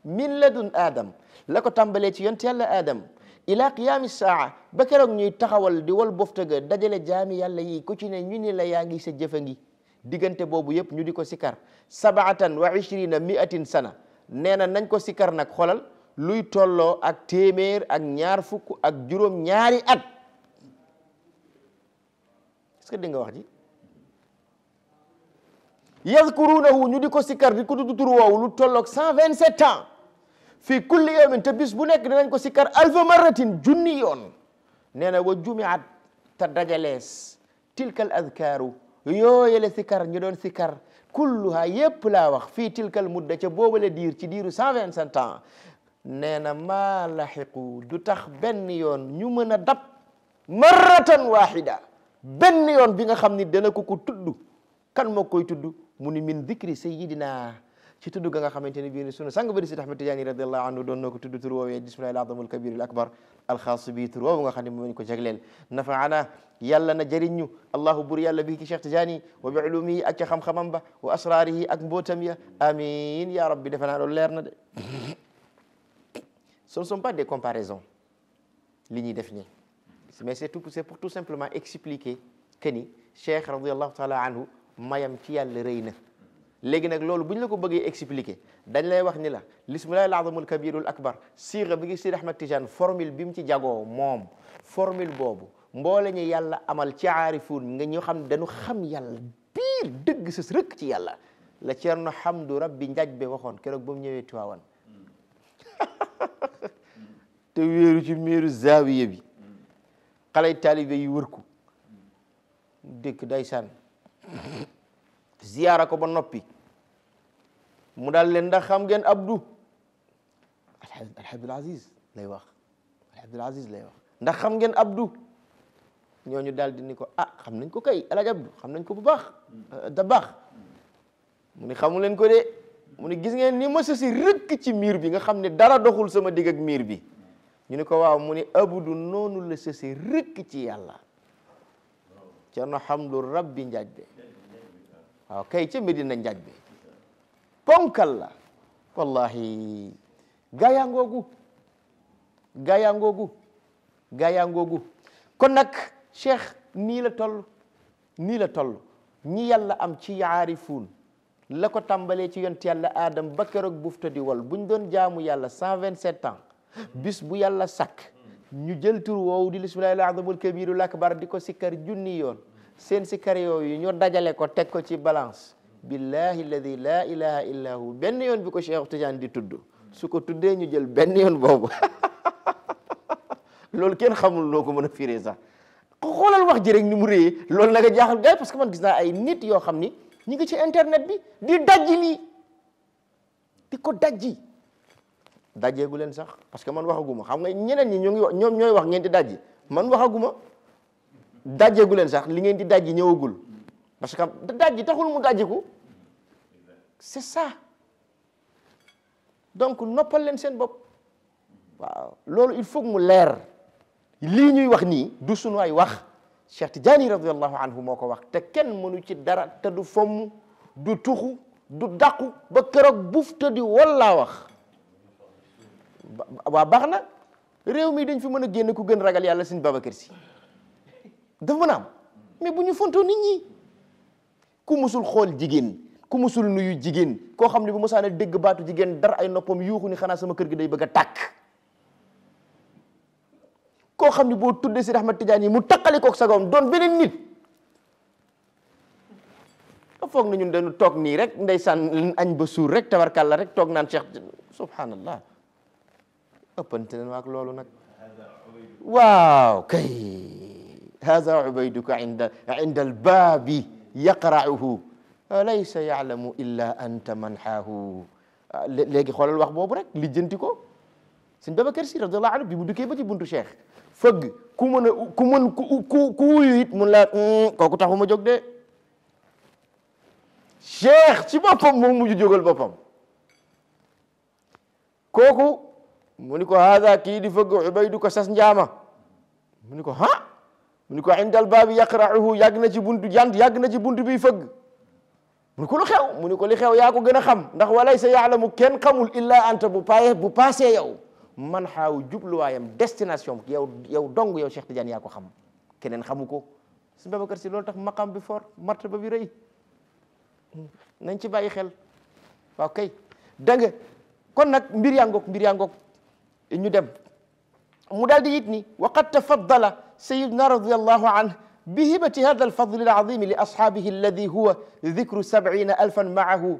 min ladun aadam la ko tàmbalee ci yonent yàlla aadam ila qiyaami saa ba keroog ñuy taxawal di wal bofte ga dajale jaami yàlla yi ku ci ne ñu ni la yaa ngi sa jëfa ngi diggante boobu yëpp ñu di ko sikar sabaatan wa ishrina miatin sana nee na nañ ko sikar nag xoolal luy tolloo ak téeméer ak ñaar fukk ak juróom ñaari at est-ce que di nga wax ji yadkuruunahu ñu di ko sikkar di ko tudd tur lu tolloog cent vingt sept ans fii kulli yawmin te bis bu nekk dinañ ko sikkar alfa marratin junni yoon nee na wa jumiat te dajalees tilkal adkaaru yooyale sikkar ñu doon sikkar kulluha yépp laa wax fii tilkal mudda ca boobale diir ci diiru cent vingt sept ans nee na maa du tax benn yoon ñu mën a dab marratan wahida benn yoon bi nga xam ni dana ko ko tudd kan moo koy tudd من من ذكر سيدنا تتدو غا خامتيني بي ني سونو سانغ بري سي تحمد تياني رضي الله عنه دون نكو تدو ترو وي بسم الله العظيم الكبير الاكبر الخاص بي ترو غا خاني مو نكو جاغلل نفعنا يالا نا جارينو الله بور يالا بي كي شيخ تياني وبعلومي اك خم خمم با واسراره اك بوتام يا امين يا ربي دفنا لو ليرنا دي سون سون با دي كومباريزون لي ني دفني مي سي تو سي بور تو سامبلمون اكسبليكي كني شيخ رضي الله تعالى عنه mayam ci yàlla rëy na léegi nag loolu bu ñu la ko bëggee expliquer dañ lay wax ni la lismillahi alazamul kabirul akbar siira bi ngi Sidi Ahmad Tijaan formule bi mu ci jagoo moom formule boobu mboole ñu yàlla amal ci aarifuun nga ñu xam dañu xam yàlla biir dëgg sës rëkk ci yàlla la Ceerno Hamdu Rabbi Njaaj be waxoon keroog ba mu ñëwee Tiwaawan (laughs) te wéeru ci miiru zaawiya bi xale taalibe yi wër ko dëkk daysaan ziyaara ko ba noppi mu daal leen ndax xam ngeen abdu alhabdul aziz lay wax alhabdul aziz lay wax ndax xam ngeen abdu ñooñu daal di ni ko ah xam nañ ko kay alaj abdu xam nañ ko bu baax euh, da baax mu ni xamu leen ko de mu ni gis ngeen ni ma si rëkk ci miir bi nga xam ne dara doxul sama digg ak miir bi ñu ni ko waaw mu ni abdu noonu la sësi rëkk ci yàlla ceerno hamdu rabbi njajbe waaw kay ca medina njajbe ponkal la wallahi gayangoogu gayangoogu gayangoogu kon nag cheikh nii la toll nii la toll ñi yàlla am ci yaarifuun la ko tàmbalee ci yont yàlla aadam ba keroog bufta di wal buñ doon jaamu yàlla cent vingt sept bis bu yàlla sakk ñu jël tur woowu di bismillahil azamul kabirul bar di ko sikkar junni yoon seen sikkar yooyu ñu dajale ko teg ko ci balance billahi alladi la ilaha illa hu benn yoon bi ko Cheikh Tidiane di tudd su ko tuddee ñu jël benn yoon boobu (laughs) loolu kenn xamul noo ko mën a firee sax xoolal wax ji rek ni mu réyee loolu nag a jaaxal gars parce que man gis naa ay nit yoo xam ni ñu ngi ci internet bi di dajji lii di ko dajji gu len sax parce que man waxaguma xam nga ñeneen ñi ñu ngi wax ñom ñoy wax ngeen di dajé man waxaguma gu len sax li ngeen di dajé ñewugul parce que dajé taxul mu ko c'est ça donc noppal len sen bop waaw lolu il faut mu lèr li ñuy wax ni du sunu ay wax Cheikh Tidiane radhiyallahu anhu moko wax te ken mënu ci dara te du fomm du tuxu du dàqu ba kërok buuf di wala wax wa baxna rew mi dañ fi mën genn ku gën ragal yalla seigne Babacar Si dafa na mais buñu fonto nit ñi ku musul xol jigen ku musul nuyu jigen ko xamni ne bu mosaane dégg baatu jigen dar ay noppam yuuxu ni xana sama kër gi day bëgg a ko xamni bo tuddé si Tidiane mu takali ko don benen nit ñun dañu tok ni rek ndaysan añ ba sur rek tawarkal rek tok nan Cheikh subhanallah ëppante nañu ak loolu nag waaw kay hada ubayduka inda inda albaabi yaqra'uhu laysa ya'lamu illa anta manxaahu léegi xoolal wax boobu rek lijjanti ko sëñ Babacar Si radiyallahu anhu bi mu dukkee ba ci buntu cheikh fëgg ku mën a ku mën ku ku wuyu it mun laa kooku taxu ma jóg de cheikh ci boppam moom mujj jógal boppam kooku Muniko hada ki di fëgg ubaydu ko sas njaama muniko ha Muniko, indal baabi yaqra'uhu yagna ci buntu jant yagna ci buntu bi fëgg Muniko lo lu xew muniko li xew ya ko gëna xam ndax walay sa yaalamu kenn illa anta bu paye bu passé yow man jublu wayam destination yow yow dong yow Cheikh Tidiane ya ko xam kenen xamuko ko su Babacar si lol tax maqam bi for martaba bi reuy nañ ci bayyi xel wa kay da kon nak mbir yangok mbir yangok ñu dem mu daldi yit ni wa qad tafaddala sayyidna radiyallahu anhu بهبة هذا الفضل العظيم لأصحابه الذي هو ذكر سبعين ألفا معه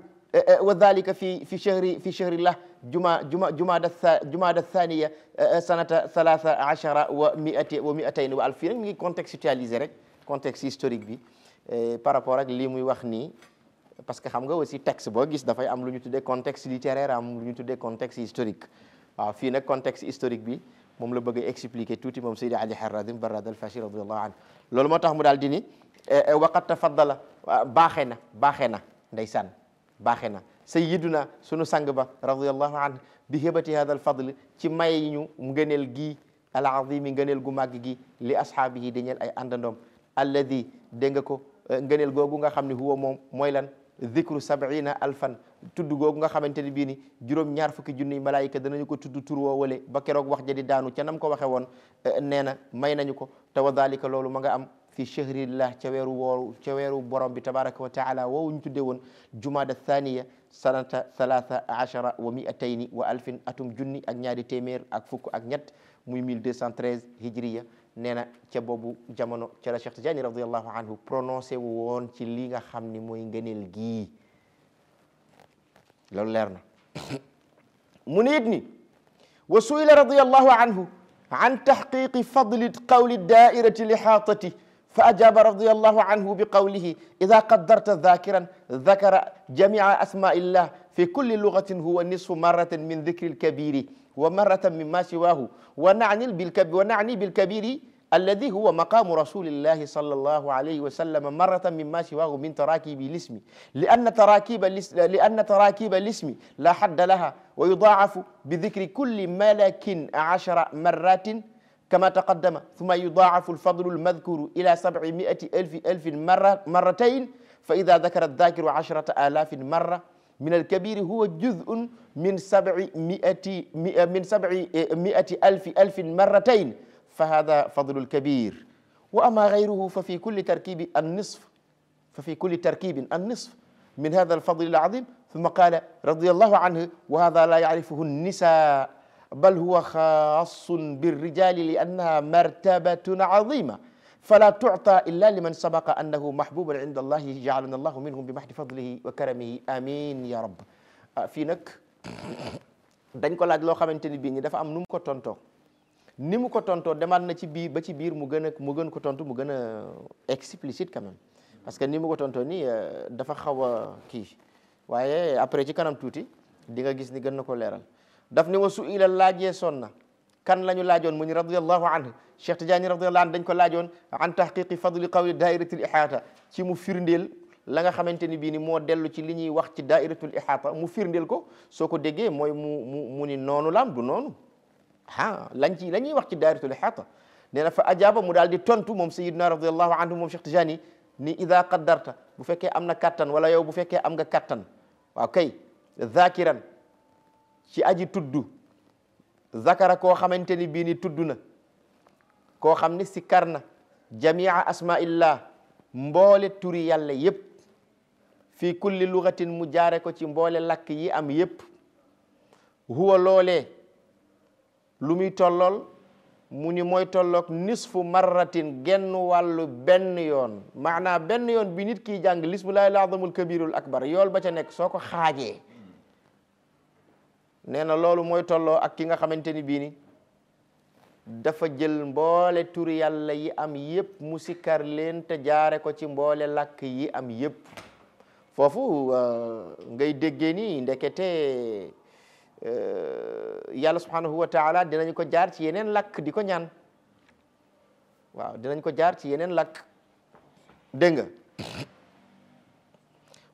وذلك في في شهر في شهر الله جمع جمع جماد جماد الثانية سنة ثلاثة عشر ومئة ومئتين وألف rek mi ngi contextualiser rek contexte historique bi par rapport ak lii muy wax nii parce que xam nga aussi texte boo gis dafay am lu ñu contexte littéraire am lu contexte historique waaw fii nag contexte historique bi moom la bëgg a tuuti moom Seydi Ali Harazim Barrada al-Fashi radiyallahu anhu loolu moo tax mu daal di ni eh, eh, waqat tafaddala baaxee na baaxee na ndeysaan baaxee na sayyiduna sunu sang ba radiyallahu anhu bi hibati hada al-fadl ci may ñu ngëneel gii al-azimi ngëneel gu màgg gi li ashaabihi dañeel ay àndandoom alladi dégg nga ko eh, ngëneel googu nga xam ne huwa moom mooy lan zikru sab'ina alfan tudd googu nga xamante ni bii ni juróom ñaar fukki junniy malaayika danañu ko tudd tur woo wale ba keroog wax ja di daanu ca nam ko waxe woon nee na may nañu ko te wa dalika loolu ma nga am fi chahrillah ca weeru wooru ca weeru borom bi tabaraka wa taala woowu ñu tudde woon jumaada thaniya sanata thalatha wa miatayni wa alfin atum junni ak ñaari téeméer ak fukk ak ñett muy 1213 hijriya nee na ca boobu jamono ca la Cheikh Tidiane radiallahu anhu prononcé wu woon ci li nga xam ni mooy ngëneel gii loolu leer na mu ne it ni wa suila radiallahu anhu an taxqiqi fadli qawli daairati lihaatati fa ajaaba radiallahu anhu bi qawlihi ida qaddarta dhakiran dhakara jamia asmaillah fi kulli lugatin huwa nisfu marratin min dhikri lkabiri ومرة مما سواه ونعني بالكبير ونعني بالكبير الذي هو مقام رسول الله صلى الله عليه وسلم مرة مما سواه من تراكيب الاسم لأن تراكيب لأن تراكيب الاسم لا حد لها ويضاعف بذكر كل ملك عشر مرات كما تقدم ثم يضاعف الفضل المذكور إلى سبعمائة ألف ألف مرة مرتين فإذا ذكر الذاكر عشرة آلاف مرة من الكبير هو جزء من سبع مئة, من سبع إيه، مئة ألف ألف مرتين فهذا فضل الكبير وأما غيره ففي كل تركيب النصف ففي كل تركيب النصف من هذا الفضل العظيم ثم قال رضي الله عنه وهذا لا يعرفه النساء بل هو خاص بالرجال لأنها مرتبة عظيمة فلا تعطى إلا لمن سبق أنه محبوب عند الله جعلنا الله منهم بمحض فضله وكرمه آمين يا رب في نك dañ ko laaj loo xamante ni bii ñi dafa am nu mu ko tontoo ni mu ko tontoo demaat na ci biir ba ci biir mu gën a mu gën ko tontu mu gën a explicite quand même parce que ni mu ko tontoo ni euh, dafa xaw a kii waaye après ci kanam tuuti di nga gis ni gën na ko leeral daf ni wa su laaj laajee soon na kan la ñu laajoon mu ñu radiallahu anhu Cheikh Tidiane radiallahu anhu dañ ko laajoon an tahqiqi fadli qawli dairatil ihaata ci mu firndeel la nga xamante ni bii ni moo dellu ci li ñuy wax ci daairatul mu firndeel ko soo ko déggee mooy mu mu mu ni noonu laam du noonu ah lañ ci la ñuy wax ci daairatul ihaata nee fa ajaaba mu daal di tontu moom sayiduna radiallahu anhu moom Cheikh Tijani ni ida qaddarta bu fekkee am na kattan wala yow bu fekkee am nga kattan waaw kay zakiran ci aji tuddu zakara koo xamante ni bii ni tudd na koo xam ni sikkar na jamia asmaillah mboole turi yàlla yépp fii kulli lugatin mu jaare ko ci mboole lakk yi am yépp huwa loolee lu muy tollool mu ni mooy tolloog nisfu marratin genn wàllu benn yoon maanaa benn yoon bi nit kiy jàng lismillahil azamul kabirul akbar yool ba ca nekk soo ko xaajee nee na loolu mooy tolloo ak ki nga xamante ni bii dafa jël mboole turi yàlla yi am yépp mu sikkar leen te jaare ko ci mboole lakk yi am yépp Wafu uh, ngay déggee ni euh yalla subhanahu wa taala dinañ ko jaar ci yenen lak diko ñaan waaw dinañ ko jaar ci yenen lak dégg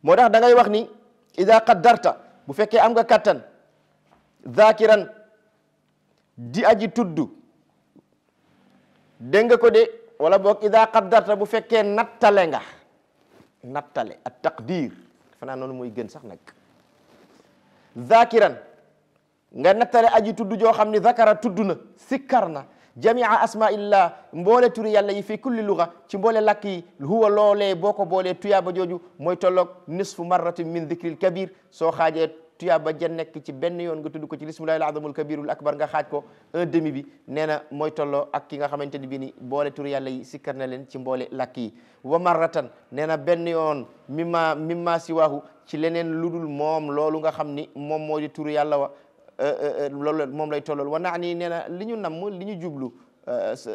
nga tax da ngay wax ni idha qaddarta bu fekke am nga katan zakiran di aji tuddu dégg nga ko de wala bok ida qaddarta bu fekke nattale nga nattale ak taqdir defe naa noonu mooy gën sax zakiran nga nattale aji tudd joo xam zakara tudd sikarna sikkar asma illa mbole mboole turi yàlla yi fi kulli luga ci mboole làkk yi huwa loolee boo ko boolee tuyaaba jooju mooy tolloog nisfu marratin min dikril kabir soo xaajee ba ja nekk ci benn yoon nga tudd ko ci lismulahi azamul kabirul akbar nga xaaj ko un demi bi nee na mooy tolloo ak ki nga xamante ni bi ni boole tur yàlla yi sikkar na leen ci boole làkk yi wa marratan nee na benn yoon mimma mimma siwaahu ci leneen lu dul moom loolu nga xam ni moom moo di turu yàlla wa euh, euh, euh, loolu moom lay tollool wa naa nii nee na li ñu namm li ñu jublu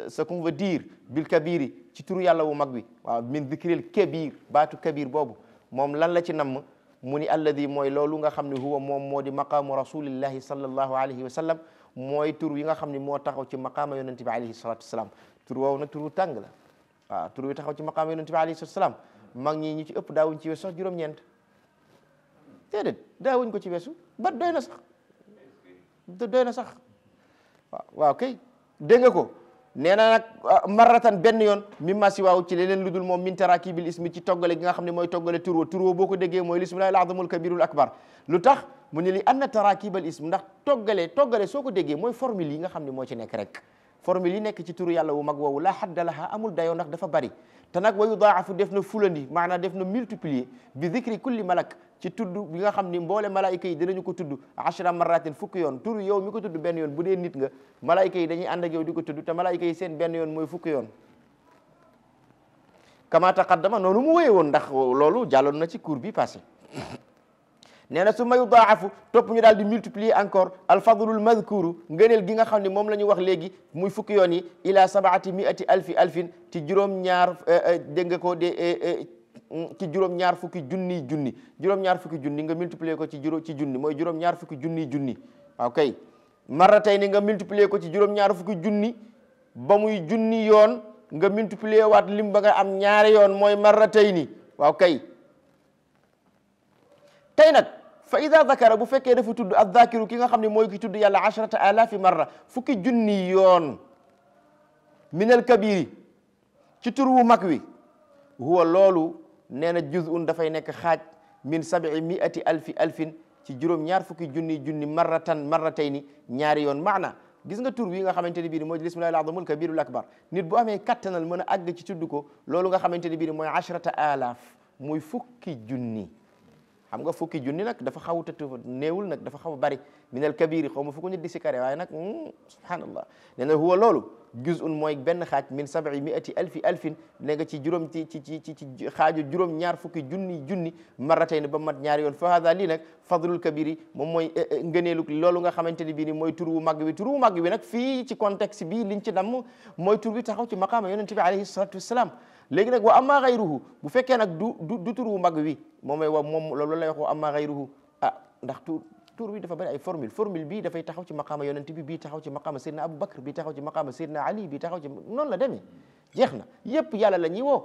sa qu'on veut dire bil kabiri ci turu yàlla wu mag bi waaw min dikril kabir baatu kabir boobu moom lan la ci namm mu ni alladi mooy loolu nga xam ne huwa moom moo di maqaamu rasulillahi sallallahu alayhi wa sallam mooy tur yi nga xam ne moo taxaw ci maqaama yonente bi alayhi salatu wasalaam tur woowu nag turu tàng la waaw tur wi taxaw ci maqaama yonente bi alayhi salatu wasalaam mag ñi ñi ci ëpp daawuñ ci weesu sax juróom-ñeent déedéet ko ci weesu ba doy na sax doy na sax waa waaw kay dégg ko nee na nag ah, marratan benn yoon mi masi waaw ci leneen lu dul moom min tarakibil ismi ci toggale gi nga xam ne mooy toggale turwo turwo boo ko déggee mooy lismillahi al azamul kabirul akbar lu tax mu ne li anna tarakibal ism ndax toggale toggale soo ko déggee mooy formule yi nga xam ne moo ci nekk rek formule yi nekk ci turu yàlla wu mag woowu la xadda laha amul dayoo ndax dafa bari te nag wa yudaafu def na fulandi maanaam def na multiplier bi zikri kulli malak ci tudd bi nga xam ni mboole malaayika yi dinañu ko tudd ashra maratin fukki yoon turu yow mi ko tudd benn yoon bu dee nit nga malaayika yi dañuy ànd ak yow di ko tudd seen benn yoon mooy fukki yoon kama taqaddama noonu mu wéye woon ndax loolu jàlloon na ci cours bi passé nee na su ma yudaafu topp ñu daal di multiplier encore alfadlul madkuru ngëneel gi nga xam ne moom la ñu wax léegi muy fukki yoon yi ila sabaati miati alfi alfin ci juróom ñaar eh, eh, dégg nga ko de eh, juróom ñaar fukki junni junni juróom ñaar fukki junni nga multiplier ko ci juróom ci junni mooy juróom ñaar fukki junni junni waaw kay mara tey ni nga multiplier ko ci juróom ñaar fukki junni ba muy junni yoon nga multiplier waat lim ba nga am ñaari yoon mooy mara tey ni waaw kay nag فإذا ذكر بو فكي دفو تود الذاكر كي خامني موي كي تود يالا 10000 مره فكي جوني من الكبير تي ترو هو لولو نينا جزء دا فاي نيك من 700000 الف تي جوروم ñaar فكي جوني جوني مرتان مرتين ñaar يون معنى gis nga tour wi nga xamanteni bi moy bismillah al-azam akbar nit bu amé katanal mëna ag ci tuddu ko lolu nga xamanteni bi moy 10000 moy fukki junni xam nga fukki junni nag dafa xaw tëtt néewul nag dafa xaw a bari minal kabiri xaw ma fukki nit di si kare waaye nag subhanallah nee na huwa loolu juzun mooy benn xaaj min sabi miati alfi alfin ne nga ci juróom ci ci ci ci ci xaaju juróom ñaar fukki junni junni marratayni ba mat ñaari yoon fa hada lii nag fadlul kabiri moom mooy ngëneelu loolu nga xamante ni bii ni mooy tur wu màgg bi tur wu màgg bi nag fii ci contexte bi liñ ci damm mooy tur bi taxaw ci maqaama yonente bi alayhi salatu wassalam léegi nag wa amma xayruhu bu fekkee nag du du du tur wu mag wi moom mooy wa moom loolu lay wax wa amma xayruhu ah ndax tur tur bi dafa bari ay formule formule bii dafay taxaw ci maqaama yonent bi bii taxaw ci maqaama Seydina Abu Bakr bii taxaw ci maqaama Seydina Ali bi taxaw ci noonu la demee jeex na yépp yàlla la ñuy woo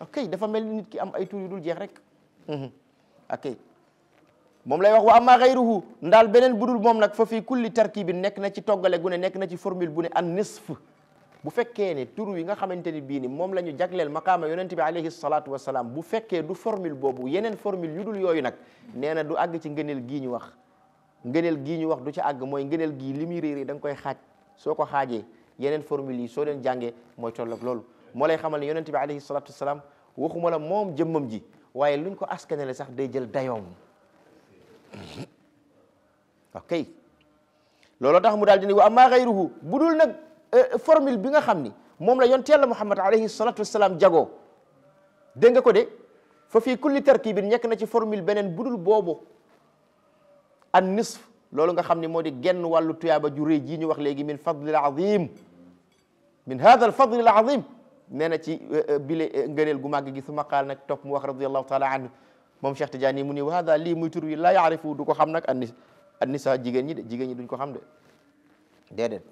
ok dafa mel ni nit ki am ay tur yu dul jeex rek mhm. ok moom lay wax wa amma xayruhu ndaal beneen dul moom nag fa fii kulli tarkibin nekk na ci toggale gu nekk na ci formule bu ne an nisf bu fekkee ne tur wi nga xamante ni bii ni moom la ñu jagleel maqaama yonente bi alayhi salaatu wasalaam bu fekkee du formule boobu yeneen formule yu dul yooyu nag nee du àgg ci ngëneel gii ñu wax ngëneel gii ñu wax du ci àgg mooy ngëneel gii li muy réeri da nga koy xaaj soo ko xaajee yeneen formule yi soo leen jàngee mooy tolloog loolu moo lay xamal ne yonente bi alayhi salaatu wasalaam waxuma la moom jëmmam ji waaye luñ ko askanele sax day jël dayoom ok looloo tax nag formule bi nga xamni mom la yonté Yàlla Muhammad alayhi salatu wassalam jago de nga ko de fa fi kulli tarkibin ñek na ci formule benen budul boobu an nisf loolu nga xamni modi genn walu tuyaba ju reej ji ñu wax legi min fadlil azim min hada al fadlil azim nee na ci bile ngëneel gu màgg gi suma qaal nag topp mu wax radiallahu taala anhu moom Cheikh Tidiane mu ni wa hada lii muy tur wi laa yaarifu du ko xam nag an nisa jigéen ñi de jigéen ñi duñ ko xam de déedéet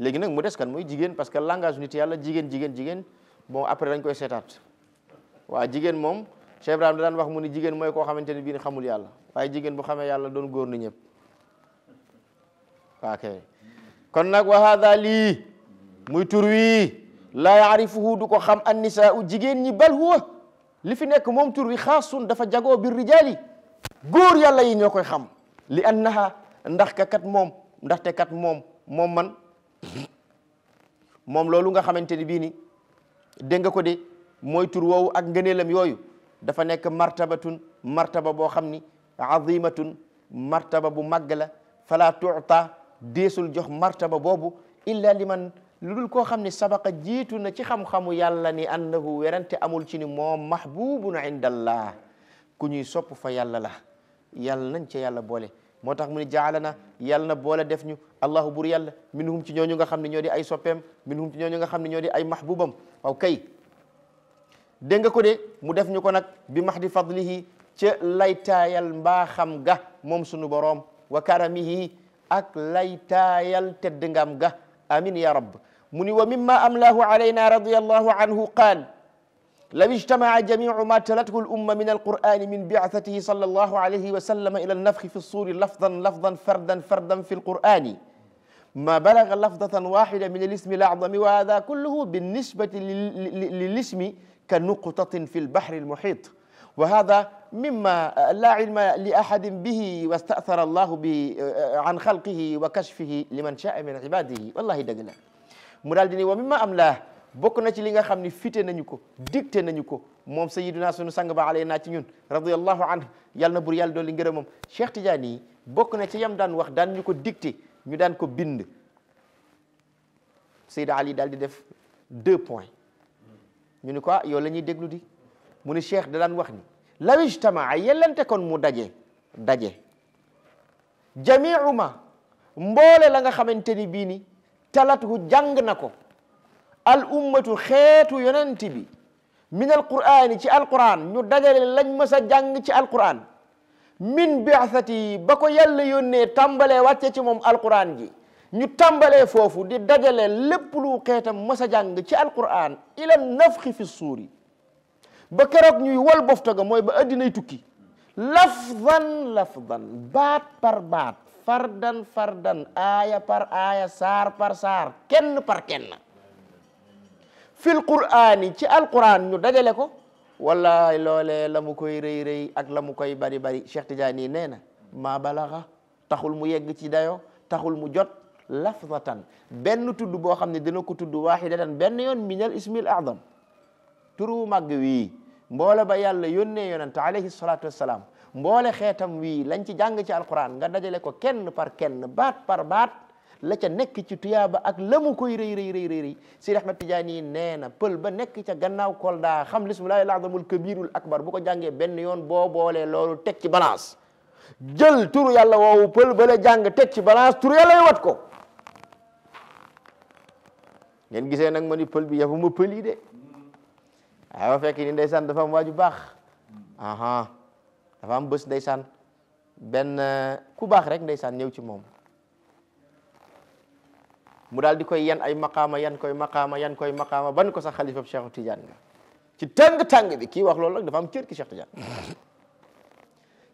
léegi nak mu dess kan moy jigen parce que langage nit yalla jigen jigen jigen bon après dañ koy sétat wa jigen mom Cheikh da daan wax mu ni jigen moy ko xamanteni bi ni xamul yalla waye jigen bu xamé yalla doon gor ni ñep wa kay kon nak wa hadha li muy tur wi la ya'rifuhu du ko xam an nisaa jigen ni bal huwa li fi nek mom tur wi khasun dafa jago bi rijali gor yalla yi ñokoy xam li annaha ndax ka kat ndax te kat mom mom man mom lolou nga xamanteni bi ni de nga ko de moy tour wowo ak ngeenelam yoyu dafa nek martabatun martaba bo xamni azimatun martaba bu magla fala tu'ta desul jox martaba bobu illa liman lu ko xamni sabaqa jitu na ci xam-xamu yàlla ni annahu werante amul ci ni mom mahbubun indallah kuñuy sop fa yàlla la yàlla nañ yàlla boole moo tax mu ne jaalana yàlla na boole def ñu allahu bur yàlla minhum ci ñooñu nga xam ne ñoo di ay soppeem minhum ci ñooñu nga xam ne ñoo ni ay mahbubam waaw kay dégg ko de mu def ñu ko nag bi mahdi fadlihi ca laytaayal mbaaxam ga moom sunu boroom wa karamihi ak laytaayal tedd ngam ga amin ya rab mu wa mimma amlahu alayna radiyallahu anhu qaal لو اجتمع جميع ما تلته الأمة من القرآن من بعثته صلى الله عليه وسلم إلى النفخ في الصور لفظا لفظا فردا فردا في القرآن ما بلغ لفظة واحدة من الاسم الأعظم وهذا كله بالنسبة للاسم كنقطة في البحر المحيط وهذا مما لا علم لأحد به واستأثر الله به عن خلقه وكشفه لمن شاء من عباده والله دقنا مرادني ومما أملاه bokk na ci li nga xam ni fite nañu ko dicté nañu ko moom sayiduna sunu sang ba aley naa ci ñun radiallahu anhu yàlla na bur yàlla dolli ngërëmam Cheikh Tidiane yi bokk na ci yam daan wax daan ñu ko dicté ñu daan ko bind Seyda Ali daal di def deux points ñu ni ko ah, yow la ñuy déglu di mu ni Cheikh da daan wax ni law ay yellante kon mu daje daje jamiu ma mboole la nga xamante ni bii ni talatuhu jàng na ko al ummatu xeetu yonent bi min alqur'ani ci alqur'an ñu dajale lañ mës a jàng ci alqur'an min bi'athati bako yalla yàlla yónnee tàmbalee wàcce ci moom alqur'an ji ñu tàmbalee foofu di dajale lépp lu xeetam mës a jàng ci alqur'an ila nafxi fi suuri ba keroog ñuy wol bofto ga mooy ba addinay tukki lafdan lafdan baat par baat fardan fardan aaya par aaya saar par saar kenn par kenn fil qur'ani ci alquran ñu dajale ko wallahi loolee la mu koy rey rey ak la mu koy bari bari Cheikh Tidiane nee na ma balaxa taxul mu yegg ci dayo taxul mu jot lafzatan benn tudd boo xam ne dina ko tudd wahidatan benn yoon minal ismil a'zam turu màgg wii mboole ba yàlla yónnee yonante alayhi salatu wassalam mboole xeetam wii lañ ci jàng ci alquran nga dajale ko kenn par kenn baat par baat la ca nekk ci ba ak la mu koy rëy rëy rëy rëy Sidi yi nee na pël ba nekk ca gannaaw Kolda xam lismillahil azamul kabirul akbar bu ko jàngee benn yoon boo boolee loolu teg ci balance jël turu yàlla woowu pël ba la jàng ci balance turu yàlla yi wat ko ngeen gisee nag ma pël bi yafuma pël yi de waaye ma fekk ni ndeysaan dafa am waaju baax aha dafa am bés ndeysaan benn ku baax rek ndeysaan ñëw ci moom mu dal di koy yan ay maqama yan koy maqama yan koy maqama ban ko sax khalifa Cheikh Tidiane nga ci tàng tang bi ki wax lolou nak dafa am cieur ki Cheikh Tidiane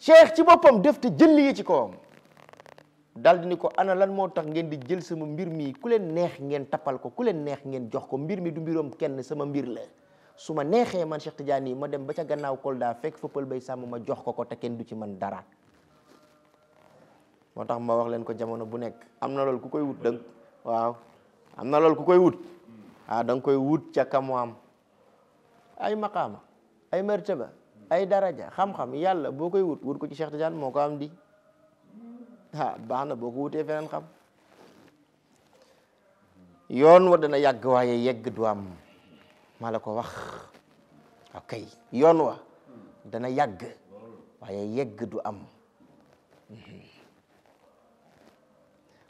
Cheikh ci bopam def te jël yi ci ko dal di ni ko ana lan mo tax ngeen di jël sama mbir mi ku len neex ngeen tapal ko ku len neex ngeen jox ko mbir mi du mbirom kenn sama mbir la suma ma man Cheikh Tidiane ma dem ba ca gannaaw Kolda fek fëppal bay sam ma jox ko ko te ken du ci man dara motax ma wax len ko jamono bu nek am lol ku koy wut deug waaw am na ku koy wut a ah, da nga koy wut ca kamu am ay maqaama ay martaba ay daraja xam-xam yàlla boo koy wut wut ko ci Cheikh Tidiane moo ko am di ah baax na boo ko wutee feneen xam yoon wa dana yàgg waaye yegg ko wax ok yoon wa dana yàgg waaye yegg du am mhm.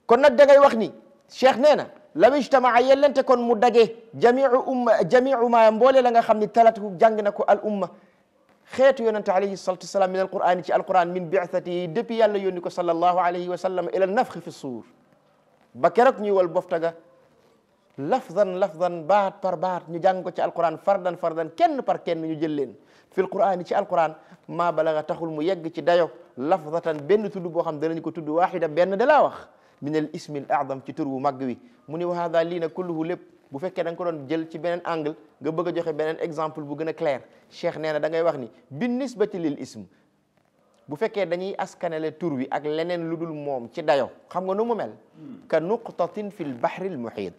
kon nag da ngay ni شيخ نينا لو اجتمع يلن تكون مدجي جميع أم جميع ما ينبول لنا خمني ثلاثة جنگنا الأمة خيت يونت عليه الصلاة والسلام من القرآن في القرآن من بعثتي دبي الله يونك صلى الله عليه وسلم إلى النفخ في الصور بكرك ني والبفتغا لفظا لفظا بعد بار بعد ني جانكو في القرآن فردا فردا كن بار كن ني جلين في القرآن في القرآن ما بلغ تخلم يجي في دايو لفظة بين تدو بوخم دلن كتدو واحدة بين دلاوخ من الاسم الاعظم في تورو ماغوي موني وهذا لينا كله لب بو فكي دا نكون جيل سي بنن انغل غا بوجا جوخي بنن اكزامبل بو غنا كلير شيخ نينا دا غاي واخني بالنسبه للاسم بو فكي دا ني اسكانل تورو اك لنن لودول موم سي دايو خمغا نو مومل كنقطه في البحر المحيط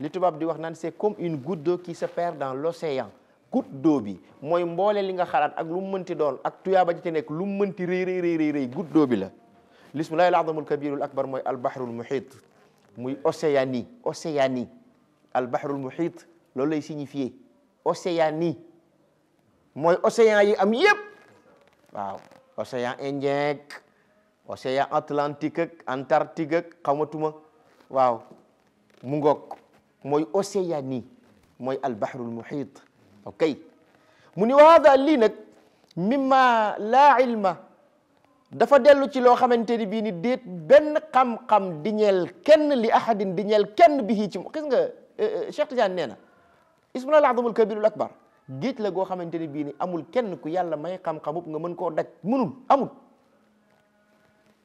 لي توباب دي واخ نان سي كوم اون غود دو كي سيبر دان لوسيان كوت دوبي بي موي مبولي ليغا خالات اك لوم مونتي دون اك تويابا جي تي نيك لوم مونتي ري ري ري ري غود دو لا الاسم الله الاعظم الكبير الاكبر مي البحر المحيط مي اوسياني اوسياني البحر المحيط لولاي سينيفي اوسياني مي أوسياني اي ام ييب واو اوسيان انجيك اوسيان اتلانتيك انتارتيك خاماتوما واو مونغوك مي اوسياني مي البحر المحيط اوكي مني وهذا لي نك مما لا علم dafa dellu ci loo xamante ni bii ni déet benn xam-xam di kenn li ahadin di kenn bi ci gis nga euh, euh, Cheikh Tidiane nee na ismul azamul kabirul akbar géej la goo xamante ni bii ni amul kenn ku yàlla may xam-xamub nga mën koo dag mënul amul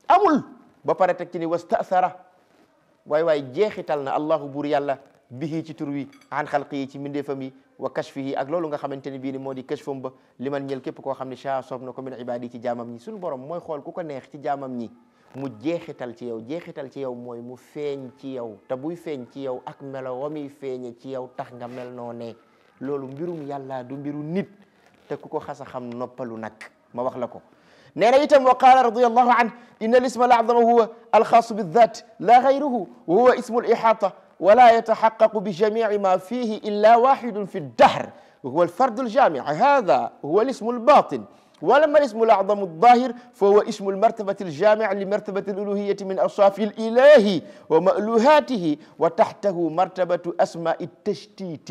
amul ba pare teg ci ni wastasara waay waay jeexital na allahu buur yàlla bihi ci tur wi an xalqi yi ci mindeefam yi wa kashfihi ak loolu nga xamante ni bii ni moo di kashfum ba li man ñel képp koo xam ne sha soob na ko min ibaadi ci jaamam ñi suñu borom mooy xool ku ko neex ci jaamam ñi mu jeexital ci yow jeexital ci yow mooy mu feeñ ci yow te buy feeñ ci yow ak melo wa muy feeñe ci yow tax nga mel noo ne loolu mbirum yàlla du mbiru nit te ku ko xas a xam noppalu nag ma wax la ko nee na itam wa qaala radiyallahu an inna al isma al a'zama huwa al xaasu bi dhat la gayruhu wa huwa ismu al ihaata ولا يتحقق بجميع ما فيه إلا واحد في الدهر وهو الفرد الجامع هذا هو الاسم الباطن ولما الاسم الأعظم الظاهر فهو اسم المرتبة الجامع لمرتبة الألوهية من أوصاف الإله ومألوهاته وتحته مرتبة أسماء التشتيت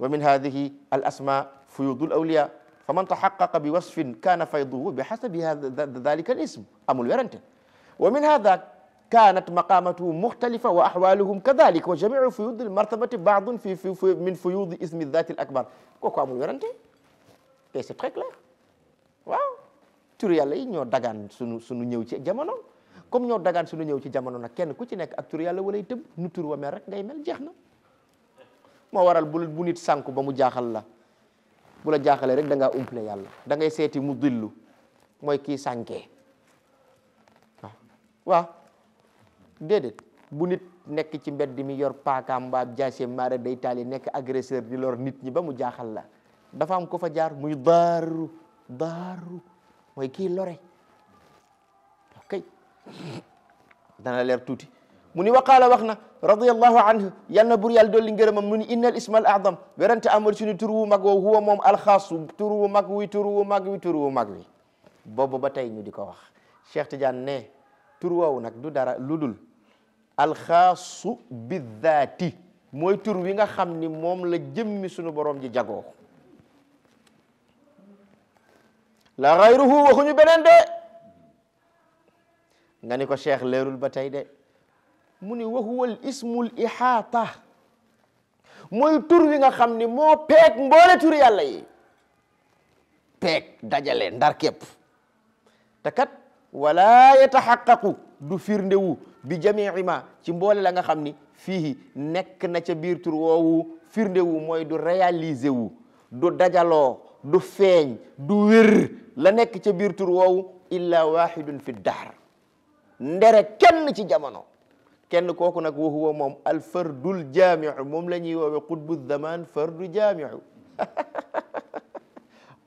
ومن هذه الأسماء فيوض الأولياء فمن تحقق بوصف كان فيضه بحسب هذا ذلك الاسم أم الورنت ومن هذا kaanat maqaamatuhu muxtalifa wa axwaaluhum kadalik wa jamiu fuyudi lmartabati baadun fi fi min fuyudi ismi dati l akbar kooku amul werante et c'est très clair waaw turu yàlla yi ñoo dagaan sunu sunu ñëw ci jamono comme ñoo dagaan sunu ñëw ci jamono nag kenn ku ci nekk ak turu yàlla walay tëb nu tur wa mel rek ngay mel jeex na moo waral bu bu ba mu jaaxal la bula la rek da umple yàlla da seeti mu dillu mooy kii sànkee déedéet bu nit nekk ci mbedd mi yor paakaam mbaab jaase maara day taali nekk agresseur di lor nit ñi ba mu jaaxal la dafa am ko fa jaar muy daaru daaru mooy kii lore ok dana leer tuuti mu ni waqaala wax na radiallahu anhu yal na bur yàlla dolli ngërëmam mu ni innal ismal adam werante amul suñu tur wu mag woow huwa moom alxaasu tur wu mag wi tur wu mag wi tur wu mag wi boobu ba tey ñu di ko wax Cheikh Tidiane ne tur waw nag du dara ludul alxaasu biddaati moy tur wi nga xamni mom la jëmmi suñu borom ji jago la xayruhu waxuñu benen de nga ni ko cheikh leerul batay de muni wa al ismul ihata, moy tur wi nga xamni mo pek peeg mboole tur yàlla yi pek dajale ndar kep takat wala yatahaqqaqu du firndewu bi jamii ma ci mboole la nga xam ni fii nekk na ca biir tur woowu firnde wu mooy du réaliser wu du dajaloo du feeñ du wér la nekk ca biir tur woowu illa wahidun fi daar ndere kenn ci jamono kenn kooku nag wa huwa moom al fardul jaamiu moom la ñuy woowe qutbu zaman fardu jaamiu (laughs)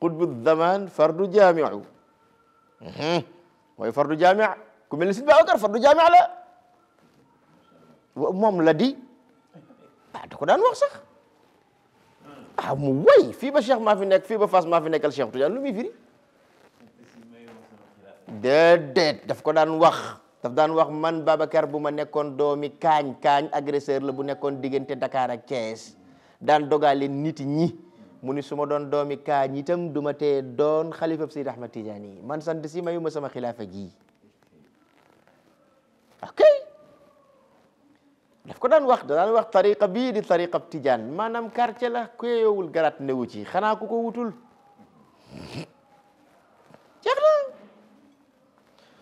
qutbu zaman fardu jaamiu hmm, mooy fardu jaami ku mel ni Sidi Babacar fardu jaami la moom la di ah ko daan wax sax ah mu woy fii ba Cheikh maa fi nekk fii ba fas maa fi nekkal Cheikh Tidiane lu muy firi déedéet daf ko daan wax daf daan wax man Babacar bu ma nekkoon doomi kaañ kaañ agresseur la bu nekkoon diggante Dakar ak daan dogaale nit ñi mu ni suma doon doomi kaañ itam duma te doon xalifab Seydi Ahmad Tidiane yi man ma sama xilaafa gi daf ko daan wax da daan wax tariqa bii di tariqa tijaan maanaam quartier la ku yeewul garaat newu ci xanaa ku ko wutul jeex na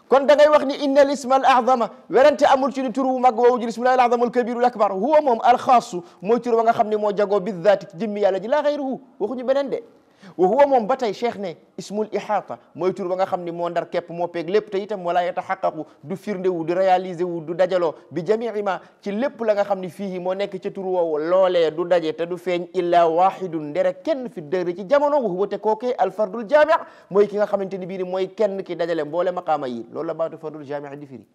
kon da ngay wax ni inna al isma al azama werante amul ci ni tur wu mag woowu ji bismillahi al azama al kabirul akbar huwa moom alxaasu mooy tur wa nga xam ne moo jagoo bi zaati jëmmi yàlla ji laa xayruhu waxuñu beneen de وهو موم باتاي شيخ ني اسمو الاحاطه موي تور باغا خامني مو ندار كيب مو بيك ليب تي ولا يتحقق دو فيرندو دو رياليزي و دو داجالو بجميع ما تي ليب لاغا خامني فيه مو نيك تي تور وو لولي دو داجي تا دو فين الا واحد ندير كين في دير تي جامونو هو تي كوكي الفرد الجامع موي كيغا خامنتيني بي موي كين كي داجال مبول مقام اي لولا باتو فرد الجامع دي فيري